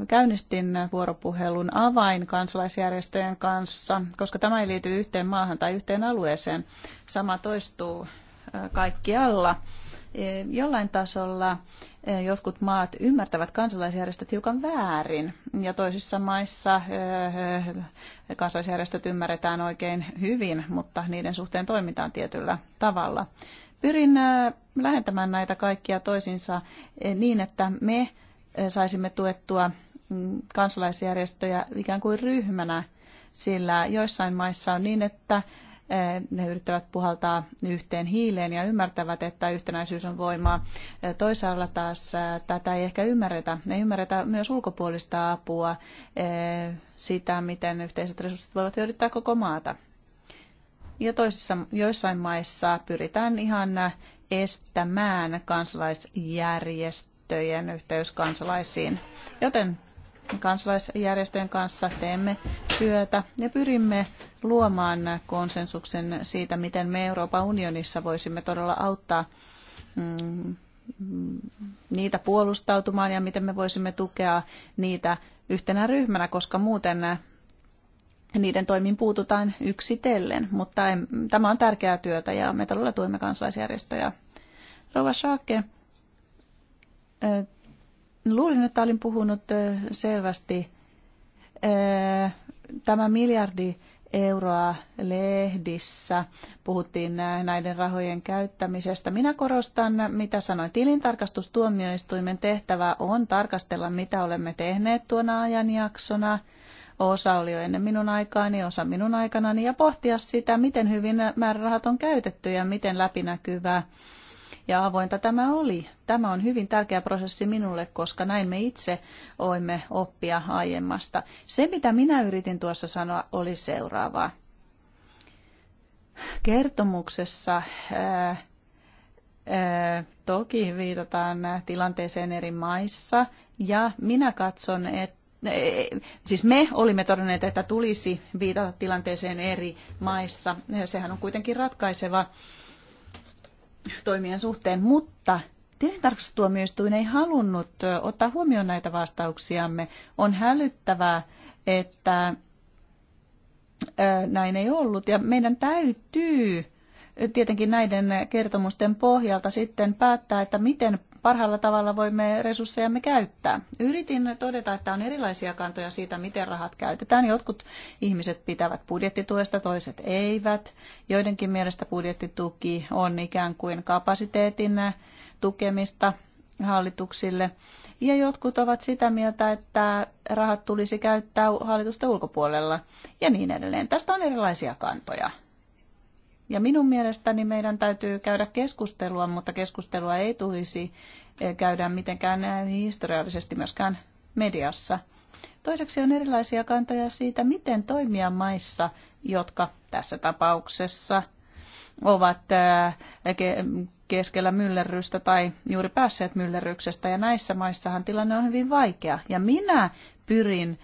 Käynnistin vuoropuhelun avain kansalaisjärjestöjen kanssa, koska tämä ei liity yhteen maahan tai yhteen alueeseen. Sama toistuu kaikkialla. E, jollain tasolla e, jotkut maat ymmärtävät kansalaisjärjestöt hiukan väärin ja toisissa maissa e, kansalaisjärjestöt ymmärretään oikein hyvin, mutta niiden suhteen toimitaan tietyllä tavalla. Pyrin äh, lähentämään näitä kaikkia toisinsa eh, niin, että me eh, saisimme tuettua mm, kansalaisjärjestöjä ikään kuin ryhmänä, sillä joissain maissa on niin, että eh, ne yrittävät puhaltaa yhteen hiileen ja ymmärtävät, että yhtenäisyys on voimaa. Toisaalla taas tätä ei ehkä ymmärretä. Ne ymmärretä myös ulkopuolista apua, sitä, miten yhteiset resurssit voivat hyödyttää koko maata ja toisissa, joissain maissa pyritään ihan estämään kansalaisjärjestöjen yhteys kansalaisiin. Joten kansalaisjärjestöjen kanssa teemme työtä ja pyrimme luomaan konsensuksen siitä, miten me Euroopan unionissa voisimme todella auttaa mm, niitä puolustautumaan ja miten me voisimme tukea niitä yhtenä ryhmänä, koska muuten niiden toimin puututaan yksitellen, mutta en, tämä on tärkeää työtä ja me todella tuemme kansalaisjärjestöjä. Rova Schaake, luulin, että olin puhunut selvästi. Tämä miljardi euroa lehdissä. Puhuttiin näiden rahojen käyttämisestä. Minä korostan, mitä sanoin. Tilintarkastustuomioistuimen tehtävä on tarkastella, mitä olemme tehneet tuona ajanjaksona osa oli jo ennen minun aikaani, osa minun aikanani, ja pohtia sitä, miten hyvin määrärahat on käytetty ja miten läpinäkyvää ja avointa tämä oli. Tämä on hyvin tärkeä prosessi minulle, koska näin me itse oimme oppia aiemmasta. Se, mitä minä yritin tuossa sanoa, oli seuraavaa. Kertomuksessa ää, ää, toki viitataan tilanteeseen eri maissa, ja minä katson, että siis me olimme todenneet, että tulisi viitata tilanteeseen eri maissa. Sehän on kuitenkin ratkaiseva toimien suhteen, mutta tilintarkastustuomioistuin ei halunnut ottaa huomioon näitä vastauksiamme. On hälyttävää, että näin ei ollut ja meidän täytyy tietenkin näiden kertomusten pohjalta sitten päättää, että miten parhaalla tavalla voimme resurssejamme käyttää. Yritin todeta, että on erilaisia kantoja siitä, miten rahat käytetään. Jotkut ihmiset pitävät budjettituesta, toiset eivät. Joidenkin mielestä budjettituki on ikään kuin kapasiteetin tukemista hallituksille. Ja jotkut ovat sitä mieltä, että rahat tulisi käyttää hallitusten ulkopuolella ja niin edelleen. Tästä on erilaisia kantoja. Ja minun mielestäni meidän täytyy käydä keskustelua, mutta keskustelua ei tulisi eh, käydä mitenkään eh, historiallisesti myöskään mediassa. Toiseksi on erilaisia kantoja siitä, miten toimia maissa, jotka tässä tapauksessa ovat eh, keskellä myllerrystä tai juuri päässeet myllerryksestä. Ja näissä maissahan tilanne on hyvin vaikea. Ja minä pyrin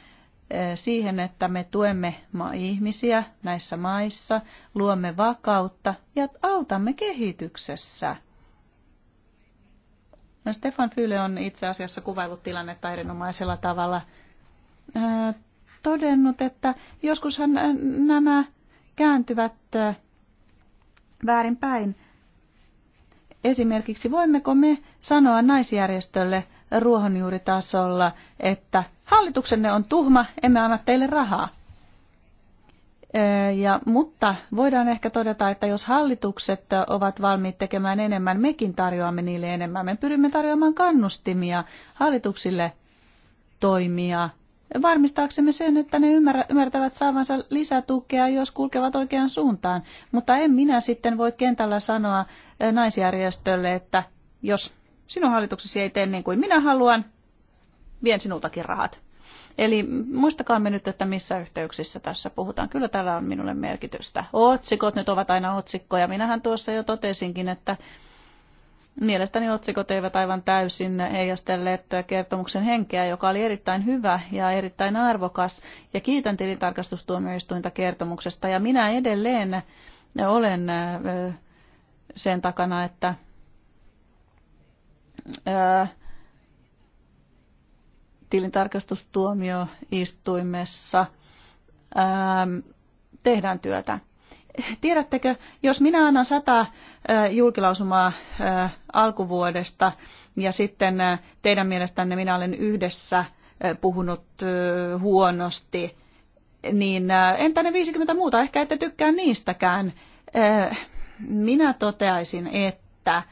Eh, siihen, että me tuemme ihmisiä näissä maissa, luomme vakautta ja autamme kehityksessä. No, Stefan Fyle on itse asiassa kuvaillut tilannetta erinomaisella tavalla ää, eh, todennut, että joskushan eh, nämä kääntyvät väärinpäin. Esimerkiksi voimmeko me sanoa naisjärjestölle ruohonjuuritasolla, että Hallituksenne on tuhma, emme anna teille rahaa. Ja, mutta voidaan ehkä todeta, että jos hallitukset ovat valmiit tekemään enemmän, mekin tarjoamme niille enemmän. Me pyrimme tarjoamaan kannustimia hallituksille toimia varmistaaksemme sen, että ne ymmärtävät saavansa lisätukea, jos kulkevat oikeaan suuntaan. Mutta en minä sitten voi kentällä sanoa naisjärjestölle, että jos sinun hallituksesi ei tee niin kuin minä haluan, vien sinultakin rahat. Eli me nyt, että missä yhteyksissä tässä puhutaan. Kyllä tällä on minulle merkitystä. Otsikot nyt ovat aina otsikkoja. Minähän tuossa jo totesinkin, että mielestäni otsikot eivät aivan täysin heijastelleet kertomuksen henkeä, joka oli erittäin hyvä ja erittäin arvokas. Ja kiitän tilintarkastustuomioistuinta kertomuksesta. Ja minä edelleen olen sen takana, että tilintarkastustuomioistuimessa ähm, tehdään työtä. Tiedättekö, jos minä annan sata äh, julkilausumaa äh, alkuvuodesta ja sitten äh, teidän mielestänne minä olen yhdessä puhunut huonosti, niin entä ne 50 muuta? Ehkä ette tykkää niistäkään. Minä toteaisin, että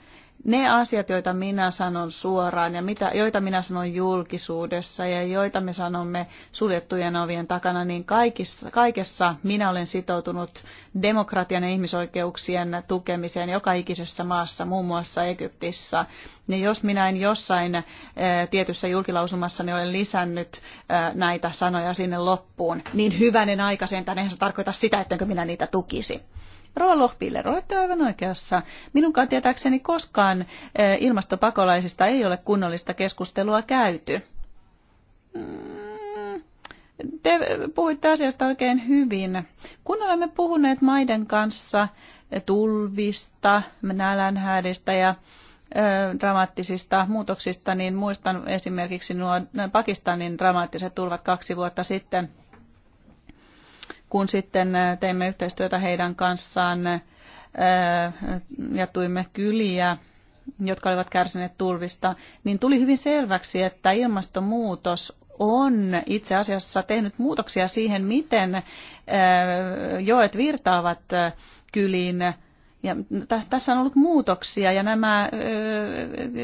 ne asiat, joita minä sanon suoraan ja mitä, joita minä sanon julkisuudessa ja joita me sanomme suljettujen ovien takana, niin kaikissa, kaikessa minä olen sitoutunut demokratian ja ihmisoikeuksien tukemiseen joka ikisessä maassa, muun muassa Egyptissä. Ja jos minä en jossain ä, eh, tietyssä julkilausumassa niin olen lisännyt ä, eh, näitä sanoja sinne loppuun, niin hyvänen aikaisen, eihän se tarkoita sitä, ettenkö minä niitä tukisi. Rova Lohpiller, olette aivan oikeassa. Minunkaan tietääkseni koskaan eh, ilmastopakolaisista ei ole kunnollista keskustelua käyty. Mm, te puhuitte asiasta oikein hyvin. Kun olemme puhuneet maiden kanssa eh, tulvista, nälänhäädistä ja eh, dramaattisista muutoksista, niin muistan esimerkiksi nuo Pakistanin dramaattiset tulvat kaksi vuotta sitten – kun sitten äh, teimme yhteistyötä heidän kanssaan äh, ja tuimme kyliä, jotka olivat kärsineet tulvista, niin tuli hyvin selväksi, että ilmastonmuutos on itse asiassa tehnyt muutoksia siihen, miten äh, joet virtaavat kyliin ja tässä on ollut muutoksia ja nämä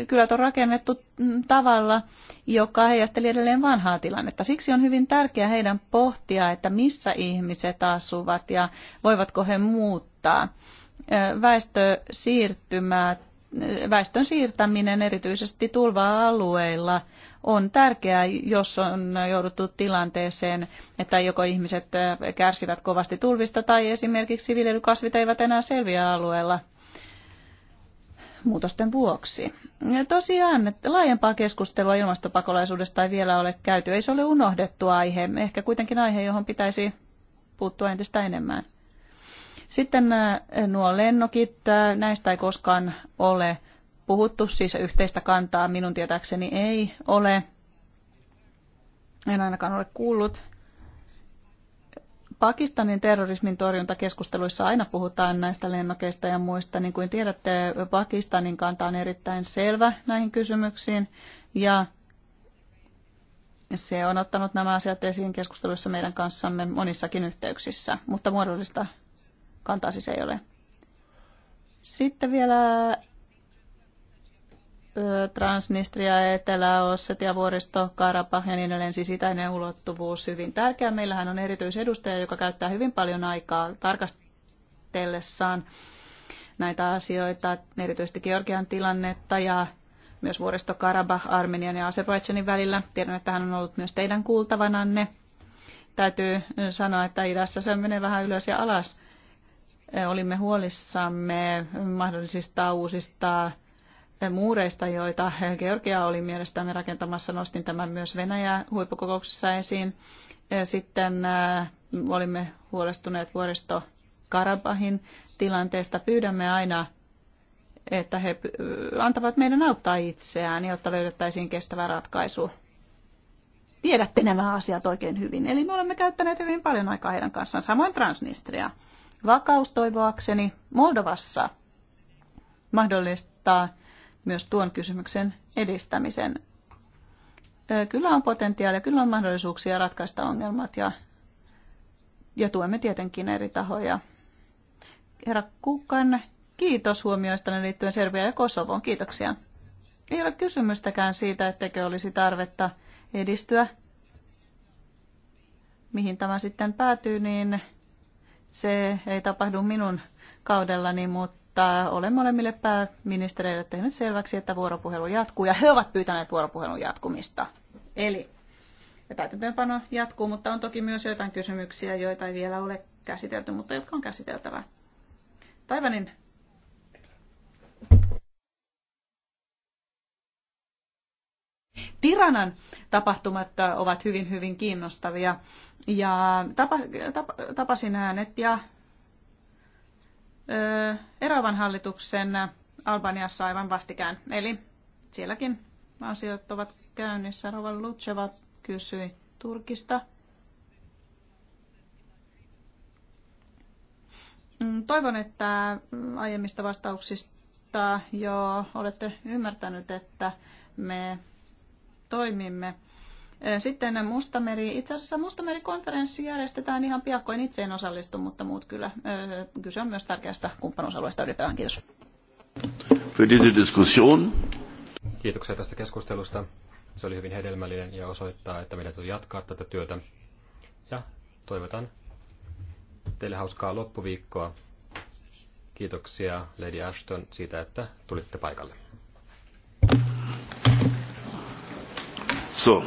kylät on rakennettu tavalla, joka heijasteli edelleen vanhaa tilannetta. Siksi on hyvin tärkeää heidän pohtia, että missä ihmiset asuvat ja voivatko he muuttaa. Väestösiirtymää, väestön siirtäminen erityisesti tulva-alueilla on tärkeää, jos on jouduttu tilanteeseen, että joko ihmiset kärsivät kovasti tulvista tai esimerkiksi viljelykasvit eivät enää selviä alueella muutosten vuoksi. Ja tosiaan, että laajempaa keskustelua ilmastopakolaisuudesta ei vielä ole käyty. Ei se ole unohdettu aihe, ehkä kuitenkin aihe, johon pitäisi puuttua entistä enemmän. Sitten nuo lennokit, näistä ei koskaan ole puhuttu, siis yhteistä kantaa minun tietääkseni ei ole. En ainakaan ole kuullut. Pakistanin terrorismin torjuntakeskusteluissa aina puhutaan näistä lennokeista ja muista. Niin kuin tiedätte, Pakistanin kanta on erittäin selvä näihin kysymyksiin ja se on ottanut nämä asiat esiin keskusteluissa meidän kanssamme monissakin yhteyksissä, mutta muodollista kantaa siis ei ole. Sitten vielä Transnistria, Etelä-Osset ja vuoristo, Karabah ja niin edelleen, sisitäinen ulottuvuus hyvin tärkeä. Meillähän on erityisedustaja, joka käyttää hyvin paljon aikaa tarkastellessaan näitä asioita, erityisesti Georgian tilannetta ja myös vuoristo Karabah Armenian ja Azerbaidžanin välillä. Tiedän, että hän on ollut myös teidän kuultavananne. Täytyy sanoa, että idässä se menee vähän ylös ja alas. Olimme huolissamme mahdollisista uusista muureista, joita Georgia oli mielestämme rakentamassa. Nostin tämän myös Venäjä huippukokouksessa esiin. Sitten äh, olimme huolestuneet vuoristo Karabahin tilanteesta. Pyydämme aina, että he antavat meidän auttaa itseään, jotta löydettäisiin kestävä ratkaisu. Tiedätte nämä asiat oikein hyvin. Eli me olemme käyttäneet hyvin paljon aikaa heidän kanssaan. Samoin Transnistria. Vakaus toivoakseni Moldovassa mahdollistaa myös tuon kysymyksen edistämisen. Kyllä on potentiaalia, kyllä on mahdollisuuksia ratkaista ongelmat ja, ja tuemme tietenkin eri tahoja. Herra Kukkan, kiitos huomioista liittyen Serbia ja Kosovoon. Kiitoksia. Ei ole kysymystäkään siitä, etteikö olisi tarvetta edistyä. Mihin tämä sitten päätyy, niin se ei tapahdu minun kaudellani, mutta mutta olen molemmille pääministereille tehnyt selväksi, että vuoropuhelu jatkuu ja he ovat pyytäneet vuoropuhelun jatkumista. Eli ja täytäntöönpano jatkuu, mutta on toki myös joitain kysymyksiä, joita ei vielä ole käsitelty, mutta jotka on käsiteltävä. Taivanin Tiranan tapahtumat ovat hyvin, hyvin kiinnostavia. Ja tapa, tapa, tapasin äänet ja eroavan hallituksen Albaniassa aivan vastikään. Eli sielläkin asiat ovat käynnissä. Rova Lutseva kysyi Turkista. Mm, toivon, että aiemmista vastauksista jo olette ymmärtänyt, että me toimimme sitten Mustameri, itse asiassa mustameri Mustameri-konferenssi järjestetään ihan piakkoin. Itse en osallistu, mutta muut kyllä. Kyse on myös tärkeästä kumppanuusalueesta ylipäätään. Kiitos. Kiitoksia tästä keskustelusta. Se oli hyvin hedelmällinen ja osoittaa, että meidän täytyy jatkaa tätä työtä. Ja toivotan teille hauskaa loppuviikkoa. Kiitoksia Lady Ashton siitä, että tulitte paikalle. So.